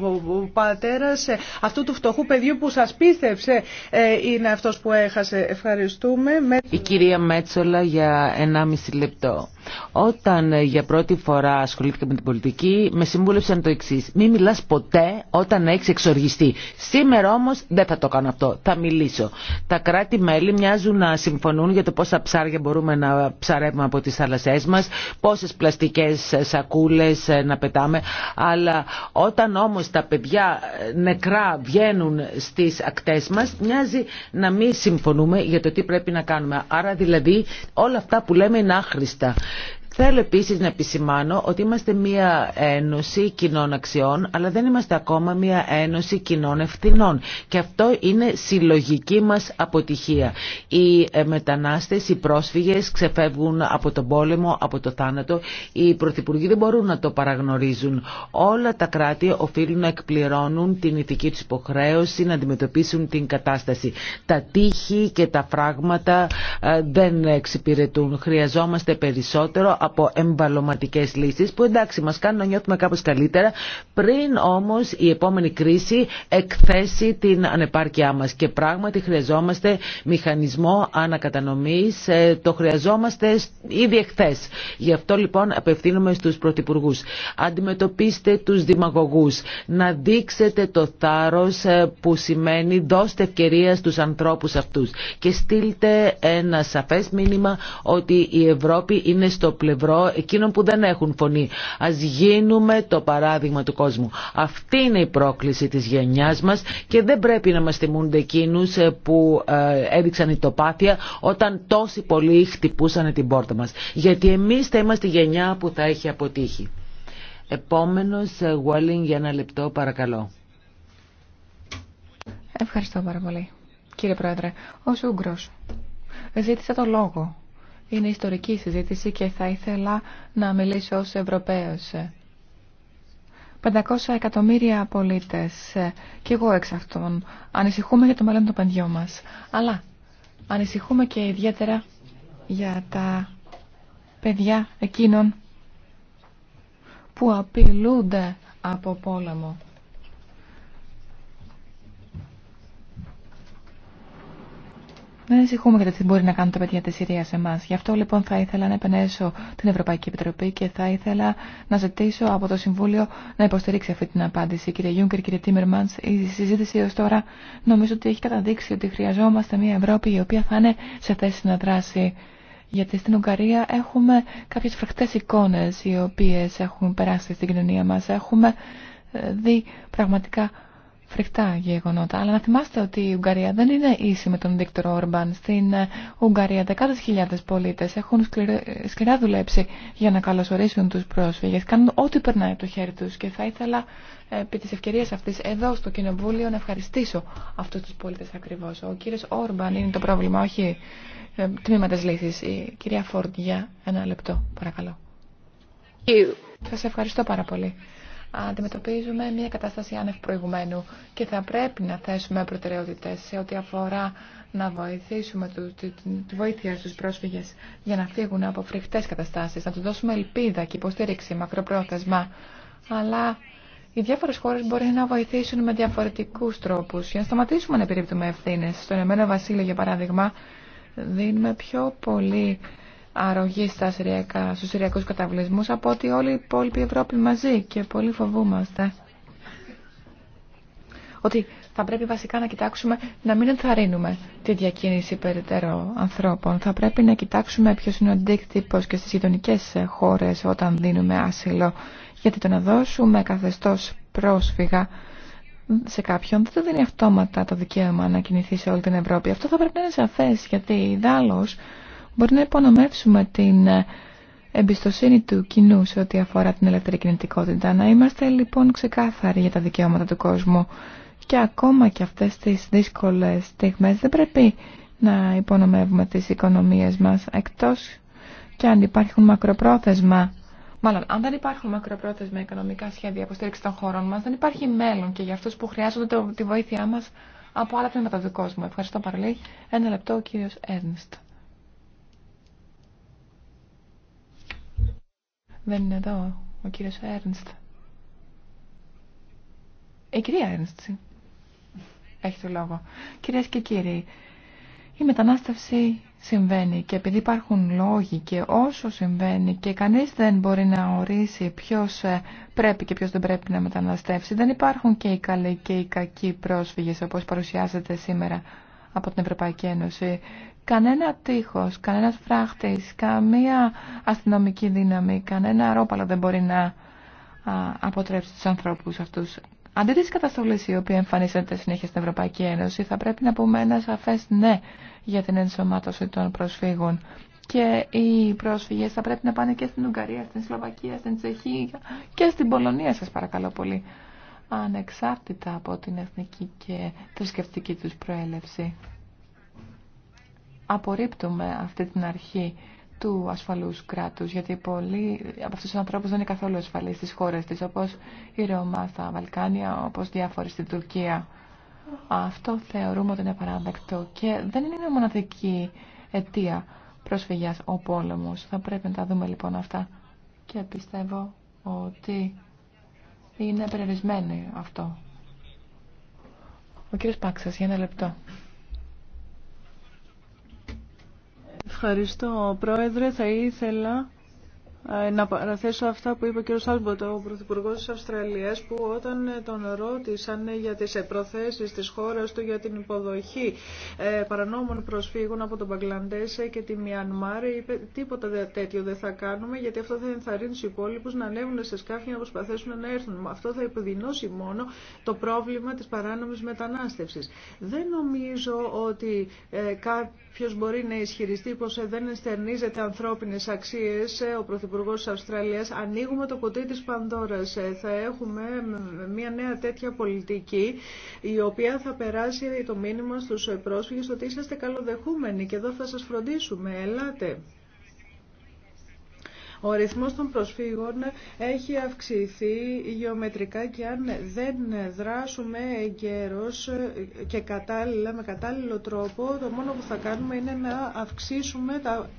πατέρας αυτού του φτωχού παιδιού που σας πίστεψε είναι αυτός που έχασε. Ευχαριστούμε. Η κυρία Μέτσολα για λεπτό. Όταν ε, για πρώτη φορά ασχολήθηκα με την πολιτική, με συμβούλευσαν το εξή. Μην μιλά ποτέ όταν έχει εξοργιστεί. Σήμερα όμω δεν θα το κάνω αυτό. Θα μιλήσω. Τα κράτη-μέλη μοιάζουν να συμφωνούν για το πόσα ψάρια μπορούμε να ψαρεύουμε από τι θάλασσέ μα, πόσε πλαστικέ ε, σακούλε ε, να πετάμε. Αλλά όταν όμω τα παιδιά νεκρά βγαίνουν στι ακτέ μα, μοιάζει να μην συμφωνούμε για το τι πρέπει να κάνουμε. Άρα δηλαδή όλα αυτά που λέμε είναι άχρηστα Θέλω επίσης να επισημάνω ότι είμαστε μια ένωση κοινών αξιών, αλλά δεν είμαστε ακόμα μια ένωση κοινών ευθυνών. Και αυτό είναι συλλογική μας αποτυχία. Οι ε, μετανάστες, οι πρόσφυγες ξεφεύγουν από τον πόλεμο, από το θάνατο. Οι πρωθυπουργοί δεν μπορούν να το παραγνωρίζουν. Όλα τα κράτη οφείλουν να εκπληρώνουν την ηθική τους υποχρέωση, να αντιμετωπίσουν την κατάσταση. Τα τείχη και τα φράγματα ε, δεν εξυπηρετούν. Χρειαζόμαστε περισσότερο από εμβαλωματικές λύσεις που εντάξει μας κάνουν να νιώθουμε κάπως καλύτερα πριν όμως η επόμενη κρίση εκθέσει την ανεπάρκειά μας και πράγματι χρειαζόμαστε μηχανισμό ανακατανομής ε, το χρειαζόμαστε ήδη εχθές. Γι' αυτό λοιπόν απευθύνομαι στους πρωθυπουργού. Αντιμετωπίστε τους δημαγωγούς. Να δείξετε το θάρρος ε, που σημαίνει δώστε ευκαιρία στους ανθρώπους αυτούς και στείλτε ένα σαφές μήνυμα ότι η Ευρώπη είναι στο πλευρό πλευρό εκείνων που δεν έχουν φωνή. Ας γίνουμε το παράδειγμα του κόσμου. Αυτή είναι η πρόκληση της γενιάς μας και δεν πρέπει να μας θυμούνται εκείνους ε, που ε, έδειξαν ητοπάθεια όταν τόσοι πολλοί χτυπούσαν την πόρτα μας. Γιατί εμείς θα είμαστε η γενιά που θα έχει αποτύχει. Επόμενος, ε, Γουαλίν, για ένα λεπτό παρακαλώ. Ευχαριστώ πάρα πολύ, κύριε Πρόεδρε. Ο Σούγκρος ζήτησε το λόγο είναι ιστορική συζήτηση και θα ήθελα να μιλήσω ως Ευρωπαίος. 500 εκατομμύρια πολίτες κι εγώ εξ αυτών ανησυχούμε για το μέλλον των παιδιών μας. Αλλά ανησυχούμε και ιδιαίτερα για τα παιδιά εκείνων που απειλούνται από πόλεμο. Δεν ανησυχούμε γιατί μπορεί να κάνουν τα παιδιά τη Συρία σε εμά. Γι' αυτό λοιπόν θα ήθελα να επενέσω την Ευρωπαϊκή Επιτροπή και θα ήθελα να ζητήσω από το Συμβούλιο να υποστηρίξει αυτή την απάντηση. Κύριε Γιούγκερ, κύριε Τίμερμαντ, η συζήτηση ω τώρα νομίζω ότι έχει καταδείξει ότι χρειαζόμαστε μια Ευρώπη η οποία θα είναι σε θέση να δράσει. Γιατί στην Ουγγαρία έχουμε κάποιε φρεχτέ εικόνε οι οποίε έχουν περάσει στην κοινωνία μα. Έχουμε ε, δει πραγματικά φρικτά γεγονότα. Αλλά να θυμάστε ότι η Ουγγαρία δεν είναι ίση με τον δίκτυο Ορμπάν. Στην ε, Ουγγαρία δεκάδε χιλιάδε πολίτε έχουν σκληρά δουλέψει για να καλωσορίσουν του πρόσφυγες. Κάνουν ό,τι περνάει από το χέρι του και θα ήθελα επί τη ευκαιρία αυτή εδώ στο Κοινοβούλιο να ευχαριστήσω αυτού του πολίτε ακριβώ. Ο κύριο Όρμπαν είναι το πρόβλημα, όχι ε, τμήμα τη λύση. Η κυρία Φόρντ για ένα λεπτό, παρακαλώ. Σα ευχαριστώ πάρα πολύ αντιμετωπίζουμε μια κατάσταση άνευ προηγουμένου και θα πρέπει να θέσουμε προτεραιότητες σε ό,τι αφορά να βοηθήσουμε του, τη, βοήθεια στους πρόσφυγες για να φύγουν από φρικτές καταστάσεις, να τους δώσουμε ελπίδα και υποστήριξη μακροπρόθεσμα. Αλλά οι διάφορες χώρες μπορεί να βοηθήσουν με διαφορετικούς τρόπους για να σταματήσουμε να επιρρύπτουμε ευθύνε. Στον Εμένο Βασίλειο, για παράδειγμα, δίνουμε πιο πολύ αρρωγή στα συριακά, στους συριακούς καταβλισμούς από ότι όλη η υπόλοιπη Ευρώπη μαζί και πολύ φοβούμαστε. Ότι θα πρέπει βασικά να κοιτάξουμε να μην ενθαρρύνουμε τη διακίνηση περαιτέρω ανθρώπων. Θα πρέπει να κοιτάξουμε ποιο είναι ο αντίκτυπος και στι γειτονικέ χώρε όταν δίνουμε άσυλο. Γιατί το να δώσουμε καθεστώς πρόσφυγα σε κάποιον δεν το δίνει αυτόματα το δικαίωμα να κινηθεί σε όλη την Ευρώπη. Αυτό θα πρέπει να είναι σαφέ γιατί η Μπορεί να υπονομεύσουμε την ε, εμπιστοσύνη του κοινού σε ό,τι αφορά την ελεύθερη κινητικότητα. Να είμαστε λοιπόν ξεκάθαροι για τα δικαιώματα του κόσμου. Και ακόμα και αυτές τις δύσκολες στιγμές δεν πρέπει να υπονομεύουμε τις οικονομίες μας εκτός και αν υπάρχουν μακροπρόθεσμα Μάλλον, αν δεν υπάρχουν μακροπρόθεσμα οικονομικά σχέδια υποστήριξη των χωρών μα, δεν υπάρχει μέλλον και για αυτού που χρειάζονται τη βοήθειά μα από άλλα τμήματα του κόσμου. Ευχαριστώ πολύ. Ένα λεπτό, ο κύριο Έρνστ. Δεν είναι εδώ ο κύριος Έρνστ. Η κυρία Έρνστ. Έχει το λόγο. Κυρίες και κύριοι, η μετανάστευση συμβαίνει και επειδή υπάρχουν λόγοι και όσο συμβαίνει και κανείς δεν μπορεί να ορίσει ποιος ε, πρέπει και ποιος δεν πρέπει να μεταναστεύσει, δεν υπάρχουν και οι καλοί και οι κακοί πρόσφυγες όπως παρουσιάζεται σήμερα από την Ευρωπαϊκή Ένωση Κανένα τείχος, κανένας φράχτης, καμία αστυνομική δύναμη, κανένα ρόπαλο δεν μπορεί να αποτρέψει τους ανθρώπους αυτούς. Αντί τη καταστολή η οποία εμφανίζεται συνέχεια στην Ευρωπαϊκή Ένωση, θα πρέπει να πούμε ένα σαφές ναι για την ενσωμάτωση των προσφύγων. Και οι πρόσφυγε θα πρέπει να πάνε και στην Ουγγαρία, στην Σλοβακία, στην Τσεχία και στην Πολωνία, σα παρακαλώ πολύ. Ανεξάρτητα από την εθνική και θρησκευτική του προέλευση απορρίπτουμε αυτή την αρχή του ασφαλούς κράτους, γιατί πολλοί από αυτούς τους ανθρώπους δεν είναι καθόλου ασφαλείς στις χώρες της, όπως η Ρώμα στα Βαλκάνια, όπως διάφοροι στην Τουρκία. Αυτό θεωρούμε ότι είναι παράδεκτο και δεν είναι μοναδική αιτία προσφυγιάς ο πόλεμος. Θα πρέπει να τα δούμε λοιπόν αυτά και πιστεύω ότι είναι περιορισμένο αυτό. Ο κύριος Πάξας, για ένα λεπτό. Ευχαριστώ, Πρόεδρε. Θα ήθελα ε, να παραθέσω αυτά που είπε ο κ. Σάλμποτ, ο Πρωθυπουργό τη Αυστραλία, που όταν ε, τον ρώτησαν ε, για τι προθέσει τη χώρα του για την υποδοχή παρανόμων προσφύγων από τον Παγκλαντέσσα και τη Μιανμάρ, είπε τίποτα τέτοιο δεν θα κάνουμε, γιατί αυτό θα ενθαρρύνει του υπόλοιπου να ανέβουν σε σκάφη να προσπαθήσουν να έρθουν. Αυτό θα επιδεινώσει μόνο το πρόβλημα τη παράνομη μετανάστευση. Δεν νομίζω ότι Ποιος μπορεί να ισχυριστεί πως ε, δεν εστερνίζεται ανθρώπινες αξίες ε, ο Πρωθυπουργό της Αυστραλίας. Ανοίγουμε το κουτί της Πανδώρας. Ε, θα έχουμε μια νέα τέτοια πολιτική η οποία θα περάσει το μήνυμα στους πρόσφυγες ότι είσαστε καλοδεχούμενοι και εδώ θα σας φροντίσουμε. Ελάτε. Ο ρυθμός των προσφύγων έχει αυξηθεί γεωμετρικά και αν δεν δράσουμε εγκαίρως και κατάλληλα, με κατάλληλο τρόπο, το μόνο που θα κάνουμε είναι να αυξήσουμε τα,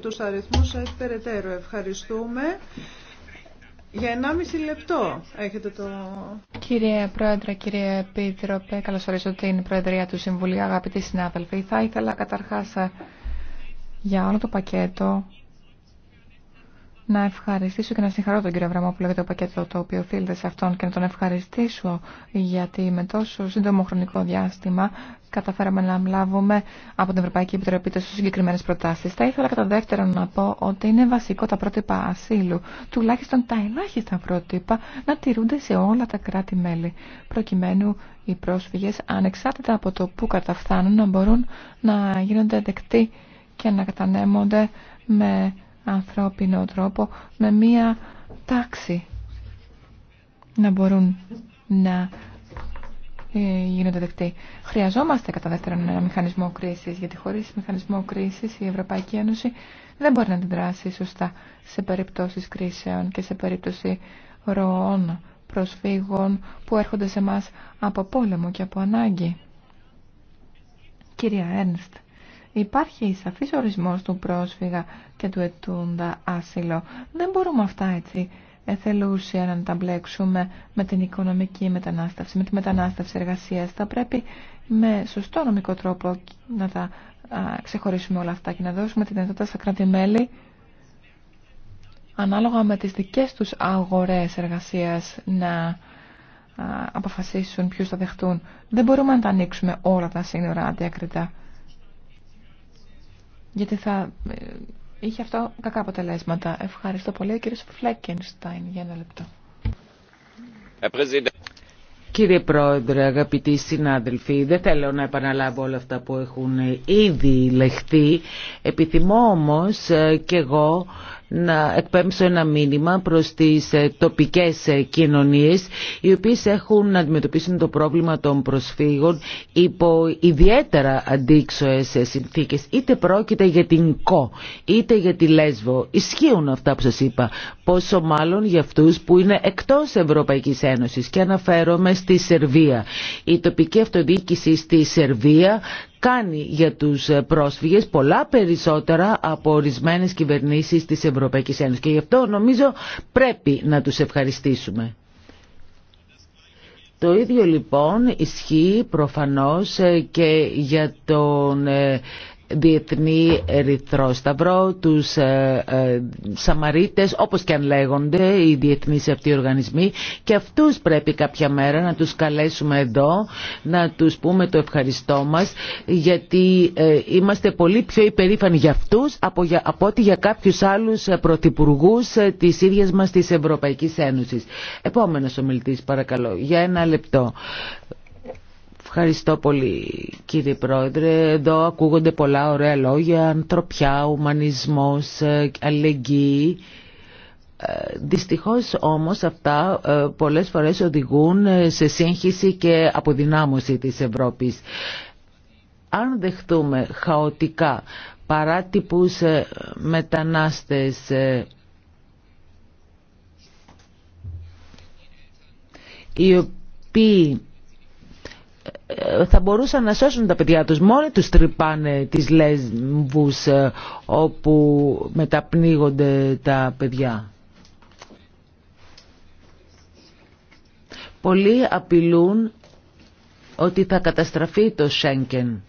τους αριθμούς περαιτέρω. Ευχαριστούμε. Για 1,5 λεπτό έχετε το... Κύριε Πρόεδρε, κύριε Επίτροπε, καλώς ορίζω την Προεδρία του Συμβουλίου, αγαπητοί συνάδελφοι. Θα ήθελα καταρχάς ε, για όλο το πακέτο να ευχαριστήσω και να συγχαρώ τον κύριο Βραμόπουλο για το πακέτο το οποίο οφείλεται σε αυτόν και να τον ευχαριστήσω γιατί με τόσο σύντομο χρονικό διάστημα καταφέραμε να λάβουμε από την Ευρωπαϊκή Επιτροπή τόσο συγκεκριμένε προτάσει. Θα ήθελα κατά δεύτερον να πω ότι είναι βασικό τα πρότυπα ασύλου, τουλάχιστον τα ελάχιστα πρότυπα, να τηρούνται σε όλα τα κράτη-μέλη, προκειμένου οι πρόσφυγε, ανεξάρτητα από το που καταφθάνουν, να μπορούν να γίνονται δεκτοί και να κατανέμονται με ανθρώπινο τρόπο με μία τάξη να μπορούν να ε, γίνονται δεκτοί. Χρειαζόμαστε κατά δεύτερον ένα μηχανισμό κρίσης, γιατί χωρίς μηχανισμό κρίσης η Ευρωπαϊκή Ένωση δεν μπορεί να αντιδράσει σωστά σε περιπτώσεις κρίσεων και σε περίπτωση ροών προσφύγων που έρχονται σε μας από πόλεμο και από ανάγκη. Κυρία Έρνστ, Υπάρχει σαφής ορισμός του πρόσφυγα και του ετούντα άσυλο. Δεν μπορούμε αυτά έτσι εθελούσια να τα μπλέξουμε με την οικονομική μετανάστευση, με τη μετανάστευση εργασίας. Θα πρέπει με σωστό νομικό τρόπο να τα ξεχωρίσουμε όλα αυτά και να δώσουμε την δυνατότητα στα κρατη ανάλογα με τις δικές τους αγορές εργασίας να αποφασίσουν ποιους θα δεχτούν. Δεν μπορούμε να τα ανοίξουμε όλα τα σύνορα αντιακριτά γιατί θα ε, είχε αυτό κακά αποτελέσματα. Ευχαριστώ πολύ. Ο κύριος Φλέκενστάιν για ένα λεπτό. Ε, Κύριε Πρόεδρε, αγαπητοί συνάδελφοι, δεν θέλω να επαναλάβω όλα αυτά που έχουν ήδη λεχθεί. Επιθυμώ όμως ε, και εγώ να εκπέμψω ένα μήνυμα προς τις ε, τοπικές ε, κοινωνίες οι οποίες έχουν να αντιμετωπίσουν το πρόβλημα των προσφύγων υπό ιδιαίτερα αντίξωες ε, συνθήκες. Είτε πρόκειται για την ΚΟ, είτε για τη Λέσβο. Ισχύουν αυτά που σας είπα. Πόσο μάλλον για αυτούς που είναι εκτός Ευρωπαϊκής Ένωσης και αναφέρομαι στη Σερβία. Η τοπική αυτοδιοίκηση στη Σερβία κάνει για τους ε, πρόσφυγες πολλά περισσότερα από ορισμένες κυβερνήσεις της Ευρωπαϊκής Ένωσης και γι' αυτό νομίζω πρέπει να τους ευχαριστήσουμε. Το ίδιο λοιπόν ισχύει προφανώς ε, και για τον ε, Διεθνή Ερυθρό Σταυρό, τους ε, ε, Σαμαρίτες, όπως και αν λέγονται οι διεθνείς αυτοί οι οργανισμοί και αυτούς πρέπει κάποια μέρα να τους καλέσουμε εδώ, να τους πούμε το ευχαριστώ μας γιατί ε, είμαστε πολύ πιο υπερήφανοι για αυτούς από, από ότι για κάποιους άλλους ε, πρωθυπουργού ε, της ίδιας μας της Ευρωπαϊκής Ένωσης. Επόμενος ομιλητής παρακαλώ, για ένα λεπτό. Ευχαριστώ πολύ κύριε Πρόεδρε. Εδώ ακούγονται πολλά ωραία λόγια, ανθρωπιά, ουμανισμός, ε, αλληλεγγύη. Ε, δυστυχώς όμως αυτά ε, πολλές φορές οδηγούν σε σύγχυση και αποδυνάμωση της Ευρώπης. Αν δεχτούμε χαοτικά παράτυπους μετανάστες οι οποίοι θα μπορούσαν να σώσουν τα παιδιά τους. Μόνοι τους τρυπάνε τις λέσβους ε, όπου μεταπνίγονται τα παιδιά. Πολλοί απειλούν ότι θα καταστραφεί το Σέγκεν.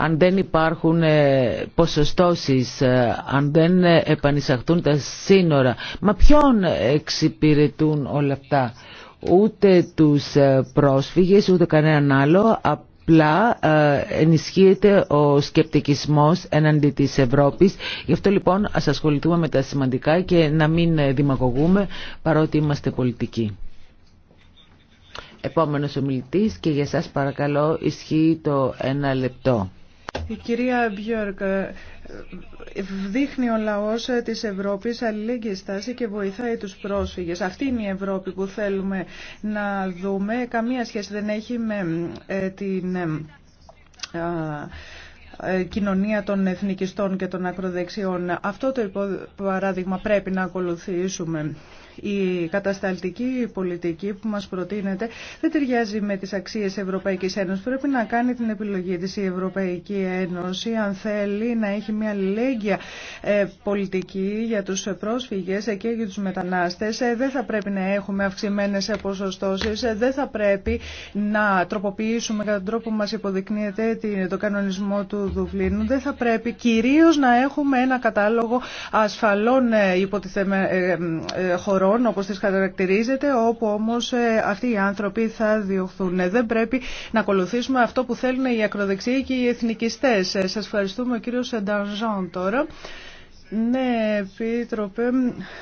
αν δεν υπάρχουν ε, ποσοστώσεις, ε, αν δεν επανεισαχθούν τα σύνορα. Μα ποιον εξυπηρετούν όλα αυτά ούτε τους ε, πρόσφυγες ούτε κανέναν άλλο απλά ε, ενισχύεται ο σκεπτικισμός εναντί της Ευρώπης. Γι' αυτό λοιπόν ας ασχοληθούμε με τα σημαντικά και να μην ε, δημαγωγούμε παρότι είμαστε πολιτικοί. Επόμενος ομιλητής και για σας παρακαλώ ισχύει το ένα λεπτό. Η κυρία δείχνει ο λαός ε, της Ευρώπης αλληλέγγυη στάση και βοηθάει τους πρόσφυγες. Αυτή είναι η Ευρώπη που θέλουμε να δούμε. Καμία σχέση δεν έχει με ε, την ε, κοινωνία των εθνικιστών και των ακροδεξιών. Αυτό το παράδειγμα πρέπει να ακολουθήσουμε. Η κατασταλτική πολιτική που μας προτείνεται δεν ταιριάζει με τις αξίες Ευρωπαϊκής Ένωσης. Πρέπει να κάνει την επιλογή της η Ευρωπαϊκή Ένωση αν θέλει να έχει μια αλληλέγγυα ε, πολιτική για τους πρόσφυγες και για τους μετανάστες. Ε, δεν θα πρέπει να έχουμε αυξημένες ποσοστώσεις. Ε, δεν θα πρέπει να τροποποιήσουμε κατά τον τρόπο που μας υποδεικνύεται το κανονισμό του Δουβλίνου. Δεν θα πρέπει κυρίως να έχουμε ένα κατάλογο ασφαλών χωρών χωρών όπως τις χαρακτηρίζεται όπου όμως ε, αυτοί οι άνθρωποι θα διωχθούν. Δεν πρέπει να ακολουθήσουμε αυτό που θέλουν οι ακροδεξιοί και οι εθνικιστές. Ε, σας ευχαριστούμε ο κύριος τώρα. Ναι, Επίτροπε,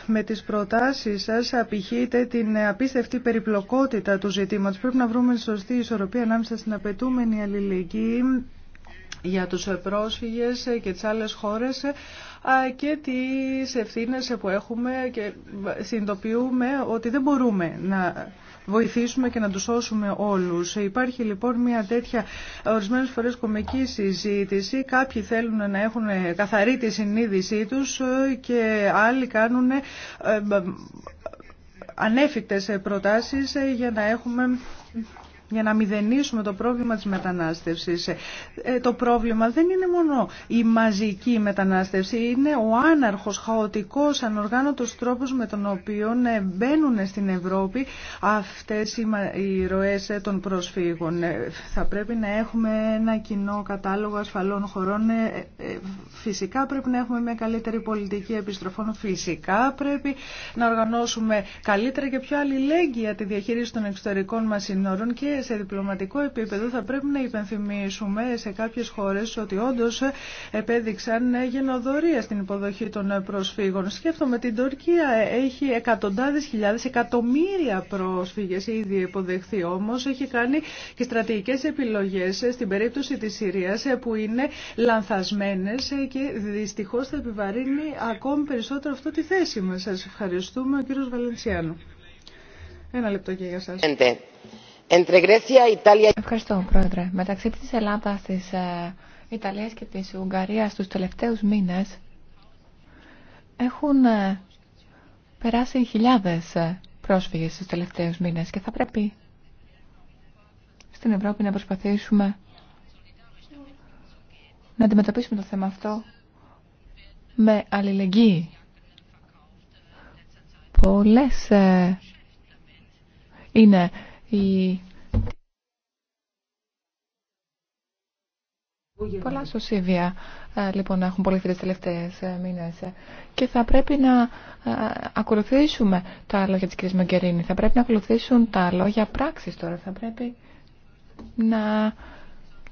με τις προτάσεις σας απηχείτε την απίστευτη περιπλοκότητα του ζητήματος. Πρέπει να βρούμε σωστή ισορροπία ανάμεσα στην απαιτούμενη αλληλεγγύη για τους πρόσφυγες και τις άλλες χώρες, και τις ευθύνες που έχουμε και συνειδητοποιούμε ότι δεν μπορούμε να βοηθήσουμε και να τους σώσουμε όλους. Υπάρχει λοιπόν μια τέτοια ορισμένες φορές κομική συζήτηση. Κάποιοι θέλουν να έχουν καθαρή τη συνείδησή τους και άλλοι κάνουν ε, ανέφικτες προτάσεις για να έχουμε για να μηδενίσουμε το πρόβλημα της μετανάστευσης. Ε, το πρόβλημα δεν είναι μόνο η μαζική μετανάστευση, είναι ο άναρχος, χαοτικός, ανοργάνωτος τρόπος με τον οποίο ε, μπαίνουν στην Ευρώπη αυτές οι ροές ε, των προσφύγων. Θα πρέπει να έχουμε ένα κοινό κατάλογο ασφαλών χωρών. Φυσικά πρέπει να έχουμε μια καλύτερη πολιτική επιστροφών. Φυσικά πρέπει να οργανώσουμε καλύτερα και πιο αλληλέγγυα τη διαχείριση των εξωτερικών μας συνόρων και σε διπλωματικό επίπεδο θα πρέπει να υπενθυμίσουμε σε κάποιες χώρες ότι όντως επέδειξαν γενοδορία στην υποδοχή των προσφύγων. Σκέφτομαι την Τουρκία έχει εκατοντάδες χιλιάδες, εκατομμύρια πρόσφυγες ήδη υποδεχθεί όμως. Έχει κάνει και στρατηγικές επιλογές στην περίπτωση της Συρίας που είναι λανθασμένες και δυστυχώς θα επιβαρύνει ακόμη περισσότερο αυτό τη θέση μας. Σας ευχαριστούμε ο κύριος Βαλενσιάνου. Ένα λεπτό και για σας. Ευχαριστώ, Πρόεδρε. Μεταξύ της Ελλάδας, της ε, Ιταλίας και της Ουγγαρίας τους τελευταίους μήνες έχουν ε, περάσει χιλιάδες ε, πρόσφυγες στους τελευταίους μήνες και θα πρέπει στην Ευρώπη να προσπαθήσουμε να αντιμετωπίσουμε το θέμα αυτό με αλληλεγγύη. Πολλές είναι η... Πολλά σωσίβια ε, λοιπόν έχουν πολύ τις τελευταίες ε, μήνες ε, και θα πρέπει να ακολουθήσουμε τα λόγια της κ. Μαγκερίνη, θα πρέπει να ακολουθήσουν τα λόγια πράξης τώρα, θα πρέπει να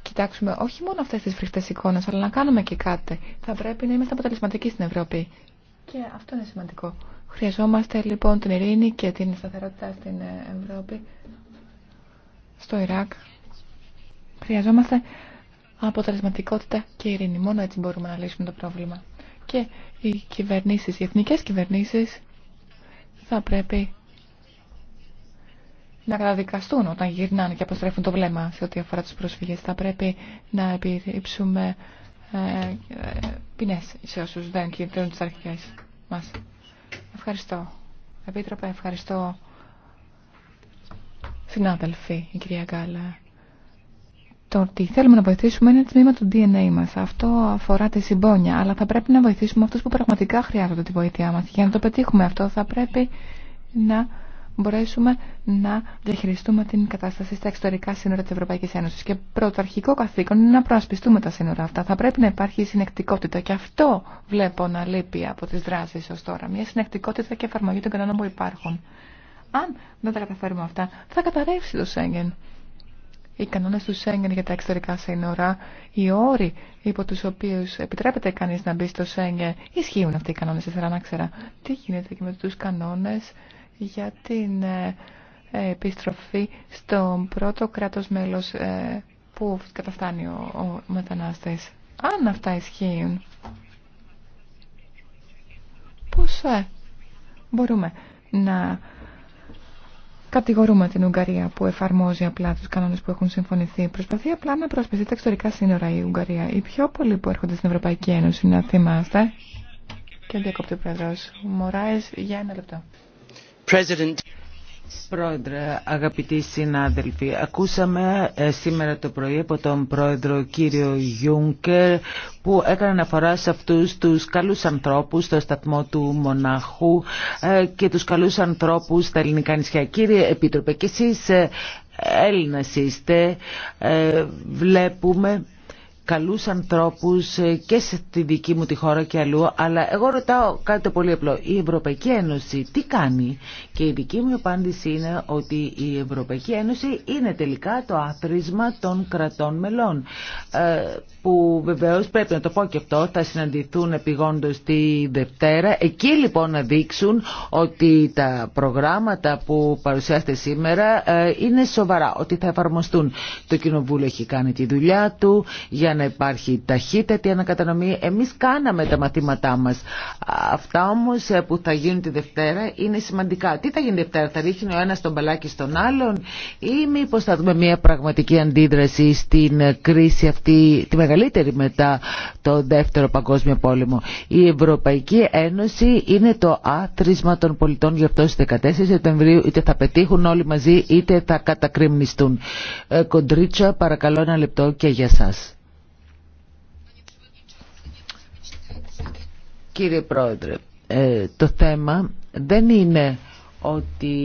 κοιτάξουμε όχι μόνο αυτές τις φρικτές εικόνες, αλλά να κάνουμε και κάτι. Θα πρέπει να είμαστε αποτελεσματικοί στην Ευρώπη. Και αυτό είναι σημαντικό. Χρειαζόμαστε λοιπόν την ειρήνη και την σταθερότητα στην Ευρώπη στο Ιράκ. Χρειαζόμαστε αποτελεσματικότητα και ειρήνη. Μόνο έτσι μπορούμε να λύσουμε το πρόβλημα. Και οι κυβερνήσεις, οι εθνικές κυβερνήσεις θα πρέπει να καταδικαστούν όταν γυρνάνε και αποστρέφουν το βλέμμα σε ό,τι αφορά τους πρόσφυγες. Θα πρέπει να επιρρύψουμε ε, ε ποινές σε όσους δεν κινητήρουν τις αρχές μας. Ευχαριστώ. Επίτροπε, ευχαριστώ συνάδελφοι, η κυρία Γκάλα. Το ότι θέλουμε να βοηθήσουμε είναι τμήμα του DNA μας. Αυτό αφορά τη συμπόνια, αλλά θα πρέπει να βοηθήσουμε αυτούς που πραγματικά χρειάζονται τη βοήθειά μας. Για να το πετύχουμε αυτό θα πρέπει να μπορέσουμε να διαχειριστούμε την κατάσταση στα εξωτερικά σύνορα της Ευρωπαϊκής Ένωσης. Και πρωτοαρχικό καθήκον είναι να προασπιστούμε τα σύνορα αυτά. Θα πρέπει να υπάρχει συνεκτικότητα και αυτό βλέπω να λείπει από τις δράσεις ως τώρα. Μια συνεκτικότητα και εφαρμογή των κανόνων που υπάρχουν. Αν δεν τα καταφέρουμε αυτά, θα καταρρεύσει το Σέγγεν. Οι κανόνε του Σέγγεν για τα εξωτερικά σύνορα, οι όροι υπό του οποίου επιτρέπεται κανεί να μπει στο Σέγγεν, ισχύουν αυτοί οι κανόνε. Ήθελα να ξέρω. τι γίνεται και με του κανόνε για την ε, επιστροφή στον πρώτο κράτος μέλος ε, που καταφτάνει ο, ο Αν αυτά ισχύουν, πώς ε, μπορούμε να κατηγορούμε την Ουγγαρία που εφαρμόζει απλά τους κανόνες που έχουν συμφωνηθεί. Προσπαθεί απλά να προσπιστεί τα εξωτερικά σύνορα η Ουγγαρία. Οι πιο πολλοί που έρχονται στην Ευρωπαϊκή Ένωση, να θυμάστε. Και διακόπτει ο Πρόεδρος. για ένα λεπτό. Πρόεδρε, αγαπητοί συνάδελφοι, ακούσαμε ε, σήμερα το πρωί από τον πρόεδρο κύριο Γιούνκερ που έκανε αναφορά σε αυτούς τους καλούς ανθρώπους στο σταθμό του Μονάχου ε, και τους καλούς ανθρώπους στα ελληνικά νησιά. Κύριε Επίτροπε, και εσείς ε, Έλληνας είστε, βλέπουμε καλούς ανθρώπους ε, και στη δική μου τη χώρα και αλλού, αλλά εγώ ρωτάω κάτι το πολύ απλό. Η Ευρωπαϊκή Ένωση τι κάνει και η δική μου απάντηση είναι ότι η Ευρωπαϊκή Ένωση είναι τελικά το άθροισμα των κρατών μελών ε, που βεβαίως πρέπει να το πω και αυτό θα συναντηθούν επιγόντω τη Δευτέρα. Εκεί λοιπόν να δείξουν ότι τα προγράμματα που παρουσιάστε σήμερα ε, είναι σοβαρά, ότι θα εφαρμοστούν. Το Κοινοβούλιο έχει κάνει τη δουλειά του να υπάρχει ταχύτατη ανακατανομή. Εμείς κάναμε τα μαθήματά μας. Αυτά όμως ε, που θα γίνουν τη Δευτέρα είναι σημαντικά. Τι θα γίνει τη Δευτέρα, θα ρίχνει ο ένας τον μπαλάκι στον άλλον ή μήπω θα δούμε μια πραγματική αντίδραση στην ε, κρίση αυτή, τη μεγαλύτερη μετά το Δεύτερο Παγκόσμιο Πόλεμο. Η Ευρωπαϊκή Ένωση είναι το άθροισμα των πολιτών γι' αυτό στις 14 Σεπτεμβρίου είτε θα πετύχουν όλοι μαζί είτε θα κατακριμνιστούν. Ε, κοντριτσο παρακαλώ ένα λεπτό και για σας. Κύριε Πρόεδρε, ε, το θέμα δεν είναι ότι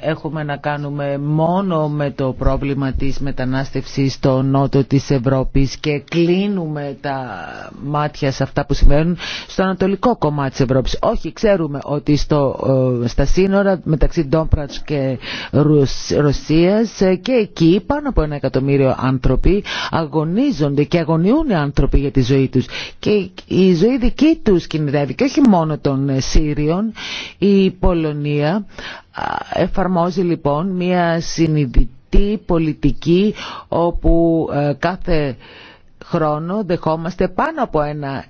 έχουμε να κάνουμε μόνο με το πρόβλημα της μετανάστευσης στο νότο της Ευρώπης και κλείνουμε τα μάτια σε αυτά που συμβαίνουν στο ανατολικό κομμάτι της Ευρώπης. Όχι, ξέρουμε ότι στο, ε, στα σύνορα μεταξύ Ντόμπρατς και Ρωσίας ε, και εκεί πάνω από ένα εκατομμύριο άνθρωποι αγωνίζονται και αγωνιούν οι άνθρωποι για τη ζωή τους και η ζωή δική τους κινδυνεύει και όχι μόνο των ε, Σύριων η Πολωνία Εφαρμόζει λοιπόν μια συνειδητή πολιτική όπου ε, κάθε χρόνο δεχόμαστε πάνω από ένα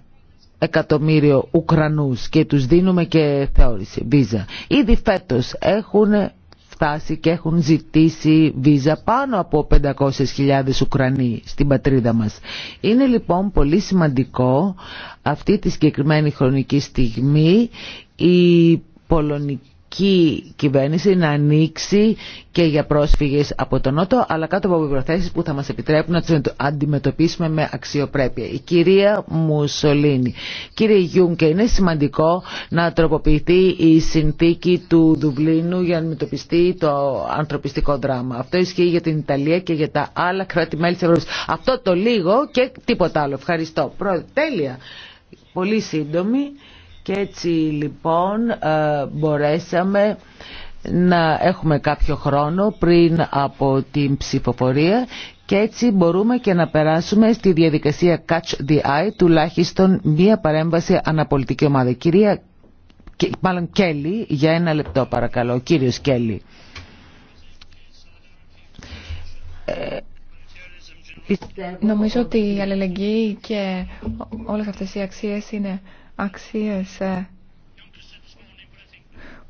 εκατομμύριο Ουκρανούς και τους δίνουμε και θεώρηση, βίζα. Ήδη φέτος έχουν φτάσει και έχουν ζητήσει βίζα πάνω από 500.000 Ουκρανοί στην πατρίδα μας. Είναι λοιπόν πολύ σημαντικό αυτή τη συγκεκριμένη χρονική στιγμή η πολωνική ελληνική κυβέρνηση να ανοίξει και για πρόσφυγες από τον Νότο, αλλά κάτω από προθέσεις που θα μας επιτρέπουν να τι αντιμετωπίσουμε με αξιοπρέπεια. Η κυρία Μουσολίνη. Κύριε Γιούγκε, είναι σημαντικό να τροποποιηθεί η συνθήκη του Δουβλίνου για να αντιμετωπιστεί το ανθρωπιστικό δράμα. Αυτό ισχύει για την Ιταλία και για τα άλλα κράτη-μέλη της Ευρώπης. Αυτό το λίγο και τίποτα άλλο. Ευχαριστώ. Τέλεια. Πολύ σύντομη. Και έτσι λοιπόν ε, μπορέσαμε να έχουμε κάποιο χρόνο πριν από την ψηφοφορία και έτσι μπορούμε και να περάσουμε στη διαδικασία Catch the Eye τουλάχιστον μία παρέμβαση αναπολιτική ομάδα. Κυρία, μάλλον Κέλλη, για ένα λεπτό παρακαλώ. Κύριος Κέλλη. Ε, νομίζω ότι η αλληλεγγύη και όλες αυτές οι αξίες είναι αξίες ε,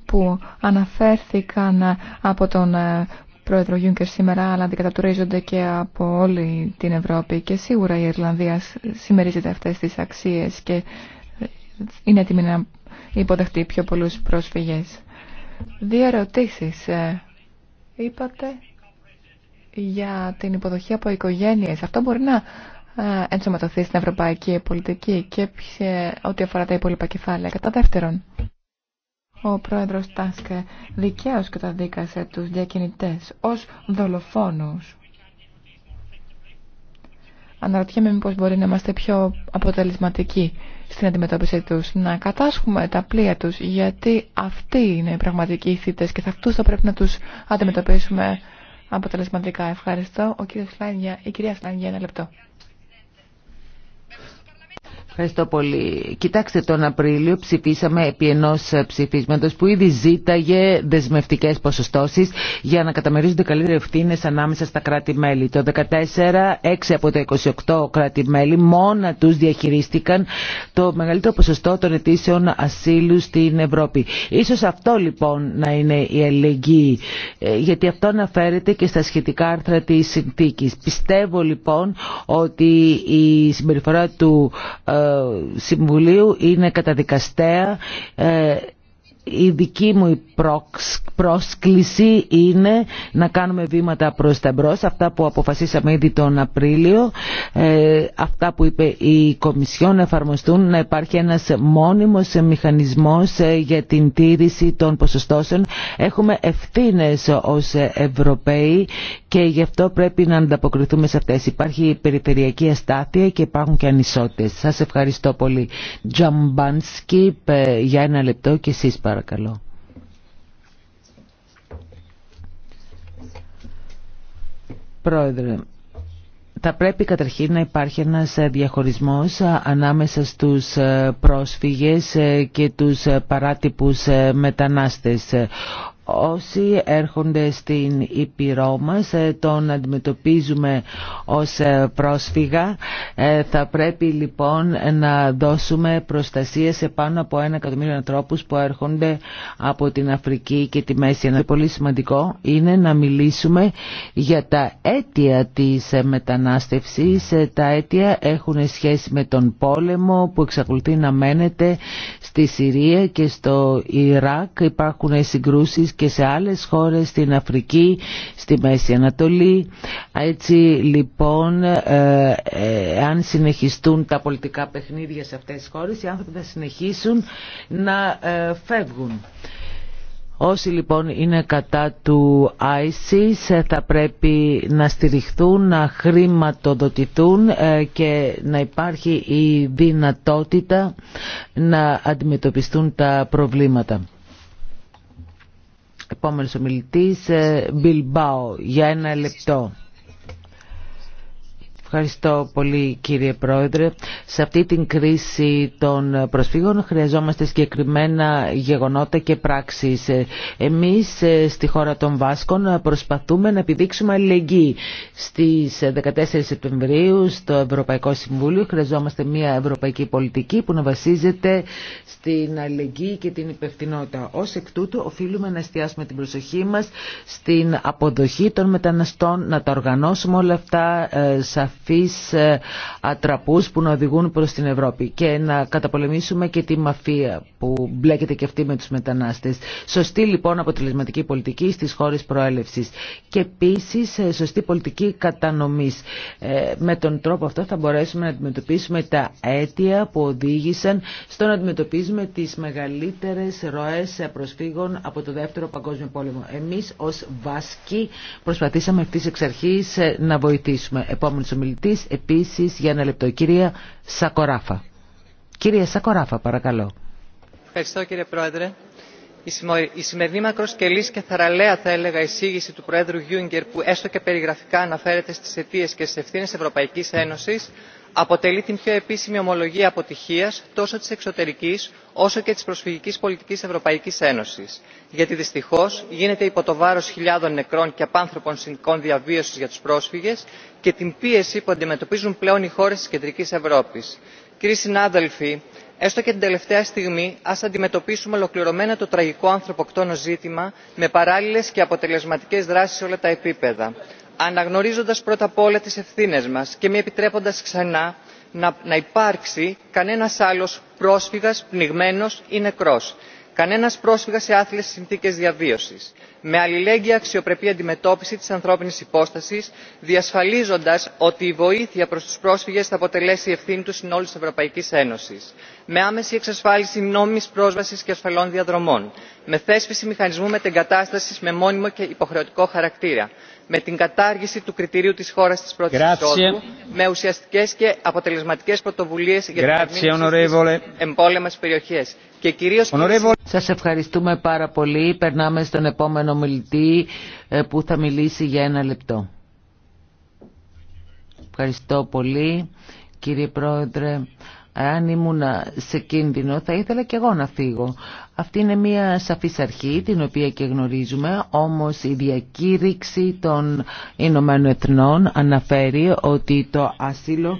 που αναφέρθηκαν από τον ε, πρόεδρο Γιούνκερ σήμερα, αλλά αντικατατουρίζονται και από όλη την Ευρώπη. Και σίγουρα η Ιρλανδία συμμερίζεται αυτές τις αξίες και ε, είναι έτοιμη να υποδεχτεί πιο πολλούς πρόσφυγες. Δύο ερωτήσει. Είπατε για την υποδοχή από οικογένειες. Αυτό μπορεί να ε, ενσωματωθεί στην ευρωπαϊκή πολιτική και ό,τι αφορά τα υπόλοιπα κεφάλαια. Κατά δεύτερον, ο πρόεδρος Τάσκ δικαίως καταδίκασε τους διακινητές ως δολοφόνους. Αναρωτιέμαι μήπως μπορεί να είμαστε πιο αποτελεσματικοί στην αντιμετώπιση τους, να κατάσχουμε τα πλοία τους, γιατί αυτοί είναι οι πραγματικοί θήτες και θα αυτούς θα πρέπει να τους αντιμετωπίσουμε αποτελεσματικά. Ευχαριστώ. Ο κύριος Σλάνγια, η κυρία Σλάνγια, ένα λεπτό. Ευχαριστώ πολύ. Κοιτάξτε, τον Απρίλιο ψηφίσαμε επί ενό ε, ψηφίσματο που ήδη ζήταγε δεσμευτικέ ποσοστώσει για να καταμερίζονται καλύτερα ευθύνε ανάμεσα στα κράτη-μέλη. Το 2014, 6 από τα 28 κράτη-μέλη μόνα του διαχειρίστηκαν το μεγαλύτερο ποσοστό των αιτήσεων ασύλου στην Ευρώπη. Ίσως αυτό λοιπόν να είναι η αλληλεγγύη, ε, γιατί αυτό αναφέρεται και στα σχετικά άρθρα τη συνθήκη. Πιστεύω λοιπόν ότι η συμπεριφορά του ε, Συμβουλίου είναι καταδικαστέα ε, η δική μου πρόσκληση είναι να κάνουμε βήματα προς τα μπρος, αυτά που αποφασίσαμε ήδη τον Απρίλιο, ε, αυτά που είπε η Κομισιόν να εφαρμοστούν, να υπάρχει ένας μόνιμος μηχανισμός ε, για την τήρηση των ποσοστώσεων. Έχουμε ευθύνες ως Ευρωπαίοι και γι' αυτό πρέπει να ανταποκριθούμε σε αυτές. Υπάρχει περιφερειακή αστάθεια και υπάρχουν και ανισότητες. Σας ευχαριστώ πολύ. Τζαμπάνσκι ε, για ένα λεπτό και εσείς Πρόεδρε, θα πρέπει καταρχήν να υπάρχει ένας διαχωρισμός ανάμεσα στους πρόσφυγες και τους παράτυπους μετανάστες όσοι έρχονται στην Ήπειρό μας ε, τον αντιμετωπίζουμε ως ε, πρόσφυγα ε, θα πρέπει λοιπόν να δώσουμε προστασία σε πάνω από ένα εκατομμύριο ανθρώπους που έρχονται από την Αφρική και τη Μέση Ένα πολύ σημαντικό είναι να μιλήσουμε για τα αίτια της μετανάστευσης τα αίτια έχουν σχέση με τον πόλεμο που εξακολουθεί να μένεται στη Συρία και στο Ιράκ υπάρχουν συγκρούσεις και σε άλλες χώρες στην Αφρική, στη Μέση Ανατολή. Έτσι λοιπόν ε, ε, αν συνεχιστούν τα πολιτικά παιχνίδια σε αυτές τις χώρες οι άνθρωποι θα συνεχίσουν να ε, φεύγουν. Όσοι λοιπόν είναι κατά του ISIS θα πρέπει να στηριχθούν, να χρηματοδοτηθούν και να υπάρχει η δυνατότητα να αντιμετωπιστούν τα προβλήματα. Επόμενος ομιλητής, Μπιλμπάο, ε, για ένα λεπτό. Ευχαριστώ πολύ κύριε Πρόεδρε. Σε αυτή την κρίση των προσφύγων χρειαζόμαστε συγκεκριμένα γεγονότα και πράξεις. Εμείς ε, στη χώρα των Βάσκων προσπαθούμε να επιδείξουμε αλληλεγγύη. Στις 14 Σεπτεμβρίου στο Ευρωπαϊκό Συμβούλιο χρειαζόμαστε μια ευρωπαϊκή πολιτική που να βασίζεται στην αλληλεγγύη και την υπευθυνότητα. Ως εκ τούτου οφείλουμε να εστιάσουμε την προσοχή μας στην αποδοχή των μεταναστών, να τα οργανώσουμε όλα αυτά ε, σε σαφείς ε, ατραπούς που να οδηγούν προς την Ευρώπη και να καταπολεμήσουμε και τη μαφία που μπλέκεται και αυτή με τους μετανάστες. Σωστή λοιπόν αποτελεσματική πολιτική στις χώρες προέλευσης και επίσης ε, σωστή πολιτική κατανομής. Ε, με τον τρόπο αυτό θα μπορέσουμε να αντιμετωπίσουμε τα αίτια που οδήγησαν στο να αντιμετωπίζουμε τις μεγαλύτερες ροές προσφύγων από το Δεύτερο Παγκόσμιο Πόλεμο. Εμείς ως Βάσκοι προσπαθήσαμε αυτής εξ αρχής να βοηθήσουμε. Επόμενος ομιλητής επίσης για ένα λεπτό. Κυρία Σακοράφα. Κυρία Σακοράφα παρακαλώ. Ευχαριστώ κύριε Πρόεδρε. Η σημερινή μακροσκελή και θαραλέα, θα έλεγα, εισήγηση του Προέδρου Γιούγκερ, που έστω και περιγραφικά αναφέρεται στι αιτίε και στι ευθύνε Ευρωπαϊκή Ένωση, αποτελεί την πιο επίσημη ομολογία αποτυχία τόσο τη εξωτερική όσο και τη προσφυγική πολιτική Ευρωπαϊκή Ένωση γιατί δυστυχώ γίνεται υπό το βάρο χιλιάδων νεκρών και απάνθρωπων συνθηκών διαβίωση για του πρόσφυγε και την πίεση που αντιμετωπίζουν πλέον οι χώρε τη κεντρική ευρώπη. Κύριοι συνάδελφοι, έστω και την τελευταία στιγμή, α αντιμετωπίσουμε ολοκληρωμένα το τραγικό ανθρωποκτόνο ζήτημα με παράλληλε και αποτελεσματικέ δράσει σε όλα τα επίπεδα. Αναγνωρίζοντα πρώτα απ' όλα τι ευθύνε μα και μη επιτρέποντα ξανά να υπάρξει κανένα άλλο πρόσφυγα πνιγμένο ή νεκρό. Κανένα πρόσφυγα σε άθλιε συνθήκε διαβίωση, με αλληλέγγυα αξιοπρεπή αντιμετώπιση τη ανθρώπινη υπόσταση, διασφαλίζοντα ότι η βοήθεια προ του πρόσφυγε θα αποτελέσει ευθύνη του συνόλου τη Ευρωπαϊκή Ένωση, με άμεση εξασφάλιση νόμιμη πρόσβαση και ασφαλών διαδρομών με θέσπιση μηχανισμού μετεγκατάσταση με μόνιμο και υποχρεωτικό χαρακτήρα με την κατάργηση του κριτηρίου τη χώρα τη πρώτη εισόδου με ουσιαστικέ και αποτελεσματικέ πρωτοβουλίε για την εμπόλεμε περιοχέ και Σας ευχαριστούμε πάρα πολύ. Περνάμε στον επόμενο μιλητή ε, που θα μιλήσει για ένα λεπτό. Ευχαριστώ πολύ κύριε Πρόεδρε. Αν ήμουν σε κίνδυνο θα ήθελα και εγώ να φύγω. Αυτή είναι μια σαφής αρχή την οποία και γνωρίζουμε, όμως η διακήρυξη των Ηνωμένων Εθνών αναφέρει ότι το άσυλο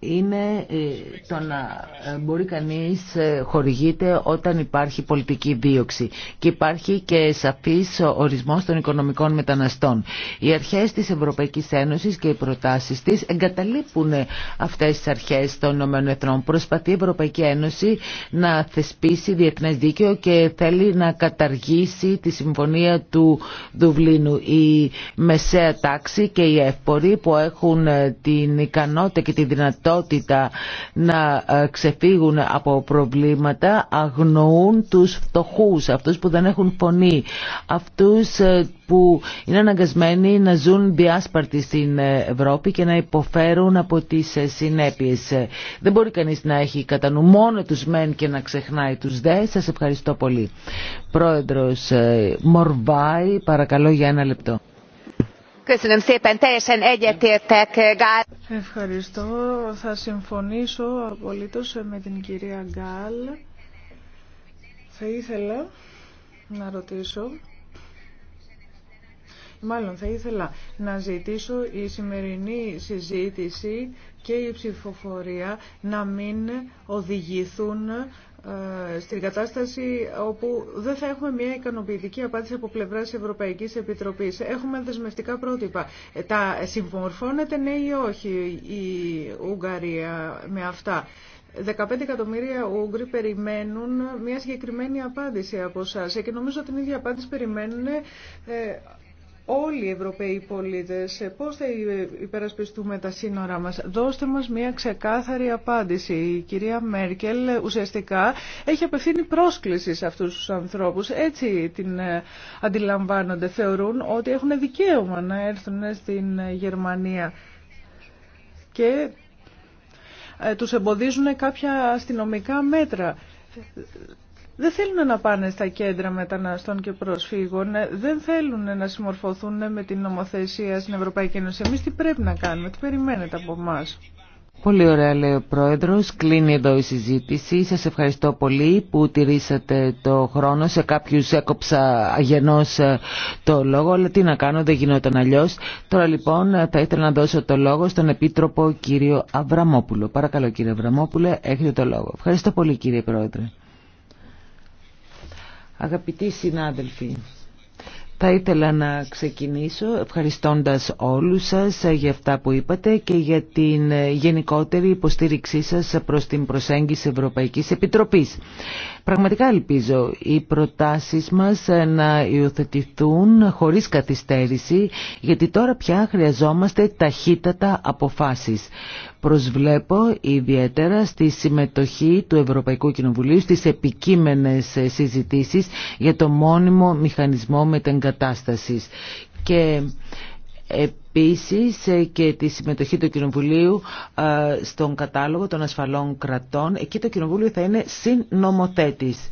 είναι ε, το να ε, μπορεί κανείς ε, χορηγείται όταν υπάρχει πολιτική δίωξη και υπάρχει και σαφής ορισμός των οικονομικών μεταναστών. Οι αρχές της Ευρωπαϊκής Ένωσης και οι προτάσεις της εγκαταλείπουν αυτές τις αρχές των ΗΕ. Προσπαθεί η Ευρωπαϊκή Ένωση να θεσπίσει διεθνές δίκαιο και θέλει να καταργήσει τη συμφωνία του Δουβλίνου. Η μεσαία τάξη και οι εύποροι που έχουν την ικανότητα και τη δυνατότητα δυνατότητα να ε, ξεφύγουν από προβλήματα αγνοούν τους φτωχούς, αυτούς που δεν έχουν φωνή, αυτούς ε, που είναι αναγκασμένοι να ζουν διάσπαρτοι στην ε, Ευρώπη και να υποφέρουν από τις συνέπειες. Δεν μπορεί κανείς να έχει κατά νου μόνο τους μεν και να ξεχνάει τους δε. Σας ευχαριστώ πολύ. Πρόεδρος Μορβάη, παρακαλώ για ένα λεπτό. Ευχαριστώ. Θα συμφωνήσω απολύτως με την κυρία Γκάλ. Θα ήθελα να ρωτήσω, μάλλον θα ήθελα να ζητήσω η σημερινή συζήτηση και η ψηφοφορία να μην οδηγηθούν ε, στην κατάσταση όπου δεν θα έχουμε μια ικανοποιητική απάντηση από πλευρά τη Ευρωπαϊκή Επιτροπή. Έχουμε δεσμευτικά πρότυπα. Ε, τα συμμορφώνεται ναι ή όχι η Ουγγαρία με αυτά. 15 εκατομμύρια Ούγγροι περιμένουν μια συγκεκριμένη απάντηση από εσά και νομίζω ότι την ίδια απάντηση περιμένουν ε, όλοι οι Ευρωπαίοι πολίτες πώς θα υπερασπιστούμε τα σύνορά μας. Δώστε μας μια ξεκάθαρη απάντηση. Η κυρία Μέρκελ ουσιαστικά έχει απευθύνει πρόσκληση σε αυτούς τους ανθρώπους. Έτσι την ε, αντιλαμβάνονται. Θεωρούν ότι έχουν δικαίωμα να έρθουν στην Γερμανία. Και ε, τους εμποδίζουν κάποια αστυνομικά μέτρα δεν θέλουν να πάνε στα κέντρα μεταναστών και προσφύγων, ε, δεν θέλουν να συμμορφωθούν ε, με την νομοθεσία στην Ευρωπαϊκή Ένωση. Εμεί τι πρέπει να κάνουμε, τι περιμένετε από εμά. Πολύ ωραία λέει ο Πρόεδρος, κλείνει εδώ η συζήτηση. Σας ευχαριστώ πολύ που τηρήσατε το χρόνο. Σε κάποιους έκοψα αγενώς ε, το λόγο, αλλά τι να κάνω, δεν γινόταν αλλιώς. Τώρα λοιπόν θα ήθελα να δώσω το λόγο στον Επίτροπο κύριο Αβραμόπουλο. Παρακαλώ κύριε Αβραμόπουλε, έχετε το λόγο. Ευχαριστώ πολύ κύριε Πρόεδρε. Αγαπητοί συνάδελφοι, θα ήθελα να ξεκινήσω ευχαριστώντας όλους σας για αυτά που είπατε και για την γενικότερη υποστήριξή σας προς την προσέγγιση Ευρωπαϊκής Επιτροπής. Πραγματικά ελπίζω οι προτάσεις μας να υιοθετηθούν χωρίς καθυστέρηση γιατί τώρα πια χρειαζόμαστε ταχύτατα αποφάσεις. Προσβλέπω ιδιαίτερα στη συμμετοχή του Ευρωπαϊκού Κοινοβουλίου στις επικείμενες συζητήσεις για το μόνιμο μηχανισμό μετεγκατάστασης. Και επίσης ε, και τη συμμετοχή του Κοινοβουλίου ε, στον κατάλογο των ασφαλών κρατών. Εκεί το Κοινοβούλιο θα είναι συνομοθέτης.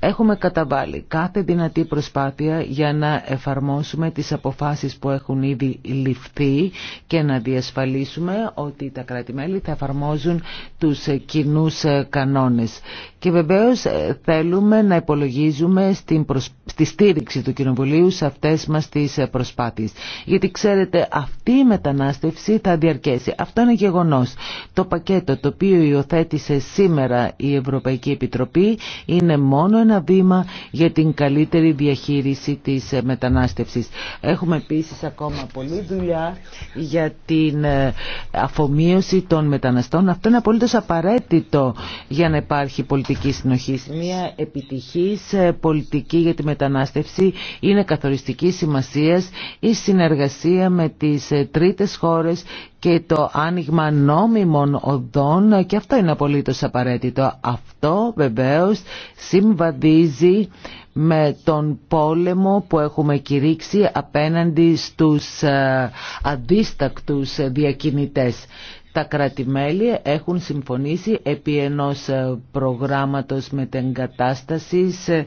Έχουμε καταβάλει κάθε δυνατή προσπάθεια για να εφαρμόσουμε τις αποφάσεις που έχουν ήδη ληφθεί και να διασφαλίσουμε ότι τα κράτη-μέλη θα εφαρμόζουν τους κοινούς ε, κανόνες. Και βεβαίως ε, θέλουμε να υπολογίζουμε στην στη στήριξη του Κοινοβουλίου σε αυτές μας τις ε, προσπάθειες. Γιατί ξέρετε αυτή η μετανάστευση θα διαρκέσει. Αυτό είναι γεγονός. Το πακέτο το οποίο υιοθέτησε σήμερα η Ευρωπαϊκή Επιτροπή είναι μόνο μόνο ένα βήμα για την καλύτερη διαχείριση της ε, μετανάστευσης. Έχουμε επίσης ακόμα πολλή δουλειά για την ε, αφομοίωση των μεταναστών. Αυτό είναι απολύτως απαραίτητο για να υπάρχει πολιτική συνοχή. Μια επιτυχής ε, πολιτική για τη μετανάστευση είναι καθοριστική σημασίας η συνεργασία με τις τρίτες χώρες και το άνοιγμα νόμιμων οδών και αυτό είναι απολύτως απαραίτητο. Αυτό βεβαίως συμβαδίζει με τον πόλεμο που έχουμε κηρύξει απέναντι στους ε, αντίστακτους διακινητές. Τα κρατημέλη έχουν συμφωνήσει επί ενός ε, προγράμματος μετεγκατάστασης ε,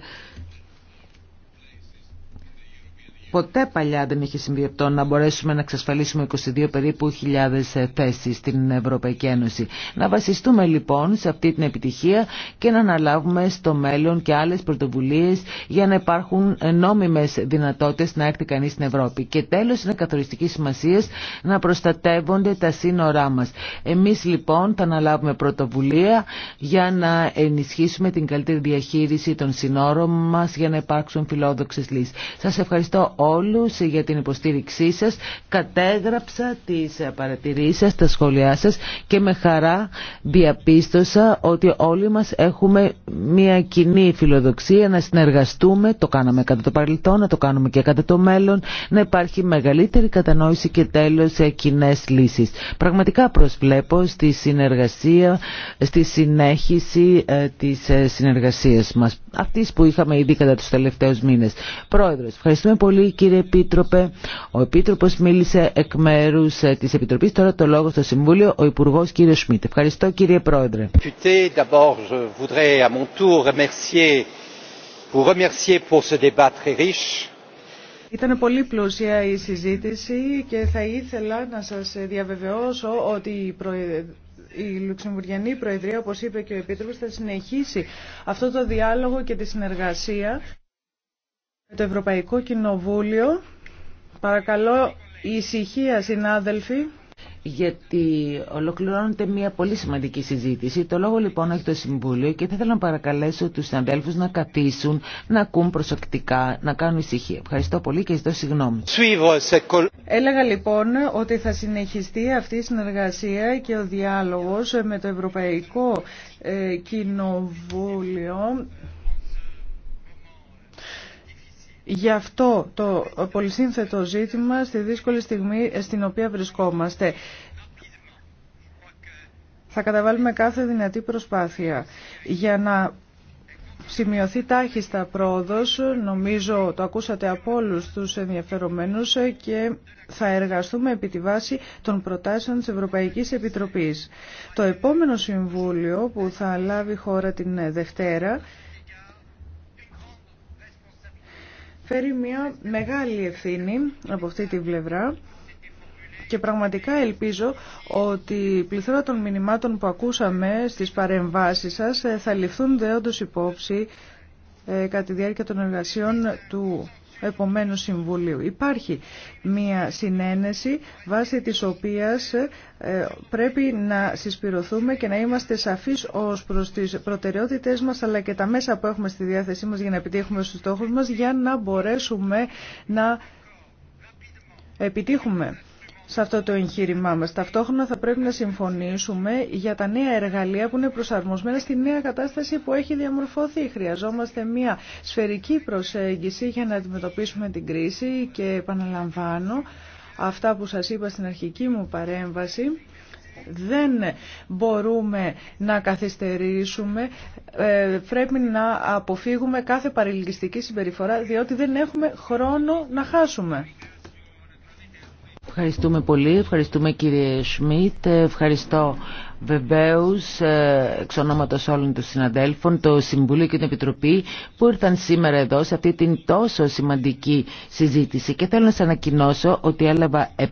Ποτέ παλιά δεν είχε συμβεί αυτό να μπορέσουμε να εξασφαλίσουμε 22 περίπου χιλιάδες θέσεις στην Ευρωπαϊκή Ένωση. Να βασιστούμε λοιπόν σε αυτή την επιτυχία και να αναλάβουμε στο μέλλον και άλλες πρωτοβουλίες για να υπάρχουν νόμιμες δυνατότητες να έρθει κανείς στην Ευρώπη. Και τέλος είναι καθοριστική σημασία να προστατεύονται τα σύνορά μας. Εμείς λοιπόν θα αναλάβουμε πρωτοβουλία για να ενισχύσουμε την καλύτερη διαχείριση των σύνορων μας για να υπάρξουν φιλόδοξες λύσεις. Σας ευχαριστώ όλους για την υποστήριξή σας. Κατέγραψα τις παρατηρήσεις σας, τα σχόλιά σας και με χαρά διαπίστωσα ότι όλοι μας έχουμε μια κοινή φιλοδοξία να συνεργαστούμε, το κάναμε κατά το παρελθόν, να το κάνουμε και κατά το μέλλον, να υπάρχει μεγαλύτερη κατανόηση και τέλος σε κοινέ λύσεις. Πραγματικά προσβλέπω στη συνεργασία, στη συνέχιση ε, της ε, συνεργασίας μας, αυτής που είχαμε ήδη κατά τους τελευταίους μήνες. Πρόεδρος, ευχαριστούμε πολύ κύριε Επίτροπε. Ο Επίτροπο μίλησε εκ μέρου ε, τη Επιτροπή, Τώρα το λόγο στο Συμβούλιο ο Υπουργό Κύριο Σμίτ. Ευχαριστώ κύριε Πρόεδρε. Ήταν πολύ πλούσια η συζήτηση και θα ήθελα να σας διαβεβαιώσω ότι η Λουξεμβουριανή η Λουξεμβουργιανή Προεδρία, όπως είπε και ο Επίτροπος, θα συνεχίσει αυτό το διάλογο και τη συνεργασία. Το Ευρωπαϊκό Κοινοβούλιο, παρακαλώ ησυχία συνάδελφοι. Γιατί ολοκληρώνονται μια πολύ σημαντική συζήτηση. Το λόγο λοιπόν έχει το Συμβούλιο και θα ήθελα να παρακαλέσω τους συναδέλφους να καθίσουν, να ακούν προσωπικά, να κάνουν ησυχία. Ευχαριστώ πολύ και ζητώ συγγνώμη. Έλεγα λοιπόν ότι θα συνεχιστεί αυτή η συνεργασία και ο διάλογος με το Ευρωπαϊκό ε, Κοινοβούλιο Γι' αυτό το πολυσύνθετο ζήτημα στη δύσκολη στιγμή στην οποία βρισκόμαστε. Θα καταβάλουμε κάθε δυνατή προσπάθεια για να σημειωθεί τάχιστα πρόοδος, νομίζω το ακούσατε από όλου τους ενδιαφερομένους και θα εργαστούμε επί τη βάση των προτάσεων της Ευρωπαϊκής Επιτροπής. Το επόμενο Συμβούλιο που θα λάβει χώρα την Δευτέρα φέρει μια μεγάλη ευθύνη από αυτή τη πλευρά και πραγματικά ελπίζω ότι η πληθώρα των μηνυμάτων που ακούσαμε στις παρεμβάσεις σας ε, θα ληφθούν δεόντως υπόψη ε, κατά τη διάρκεια των εργασιών του επομένου Συμβουλίου. Υπάρχει μία συνένεση βάσει της οποίας ε, πρέπει να συσπηρωθούμε και να είμαστε σαφείς ως προς τις προτεραιότητες μας αλλά και τα μέσα που έχουμε στη διάθεσή μας για να επιτύχουμε στους στόχους μας για να μπορέσουμε να επιτύχουμε σε αυτό το εγχείρημά μας. Ταυτόχρονα θα πρέπει να συμφωνήσουμε για τα νέα εργαλεία που είναι προσαρμοσμένα στη νέα κατάσταση που έχει διαμορφωθεί. Χρειαζόμαστε μια σφαιρική προσέγγιση για να αντιμετωπίσουμε την κρίση και επαναλαμβάνω αυτά που σας είπα στην αρχική μου παρέμβαση. Δεν μπορούμε να καθυστερήσουμε, ε, πρέπει να αποφύγουμε κάθε παρελκυστική συμπεριφορά διότι δεν έχουμε χρόνο να χάσουμε. Ευχαριστούμε πολύ. Ευχαριστούμε κύριε Σμιτ. Ευχαριστώ βεβαίω ε, εξ ονόματο όλων των συναδέλφων, το Συμβούλιο και την Επιτροπή που ήρθαν σήμερα εδώ σε αυτή την τόσο σημαντική συζήτηση. Και θέλω να σα ανακοινώσω ότι έλαβα 7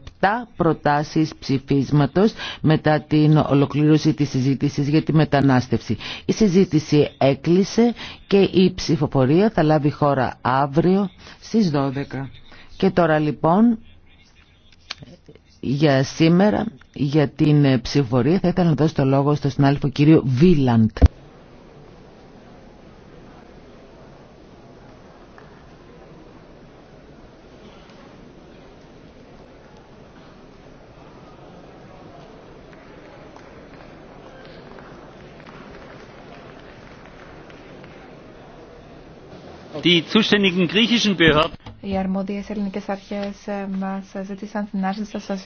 προτάσει ψηφίσματο μετά την ολοκλήρωση τη συζήτηση για τη μετανάστευση. Η συζήτηση έκλεισε και η ψηφοφορία θα λάβει χώρα αύριο στι 12. Και τώρα λοιπόν για σήμερα, για την ε, ψηφορία. Θα ήθελα να δώσω το λόγο στον συνάδελφο κύριο Βίλαντ. Οι αρμόδιε ελληνικέ αρχέ ε, μα ζήτησαν την άρση σας.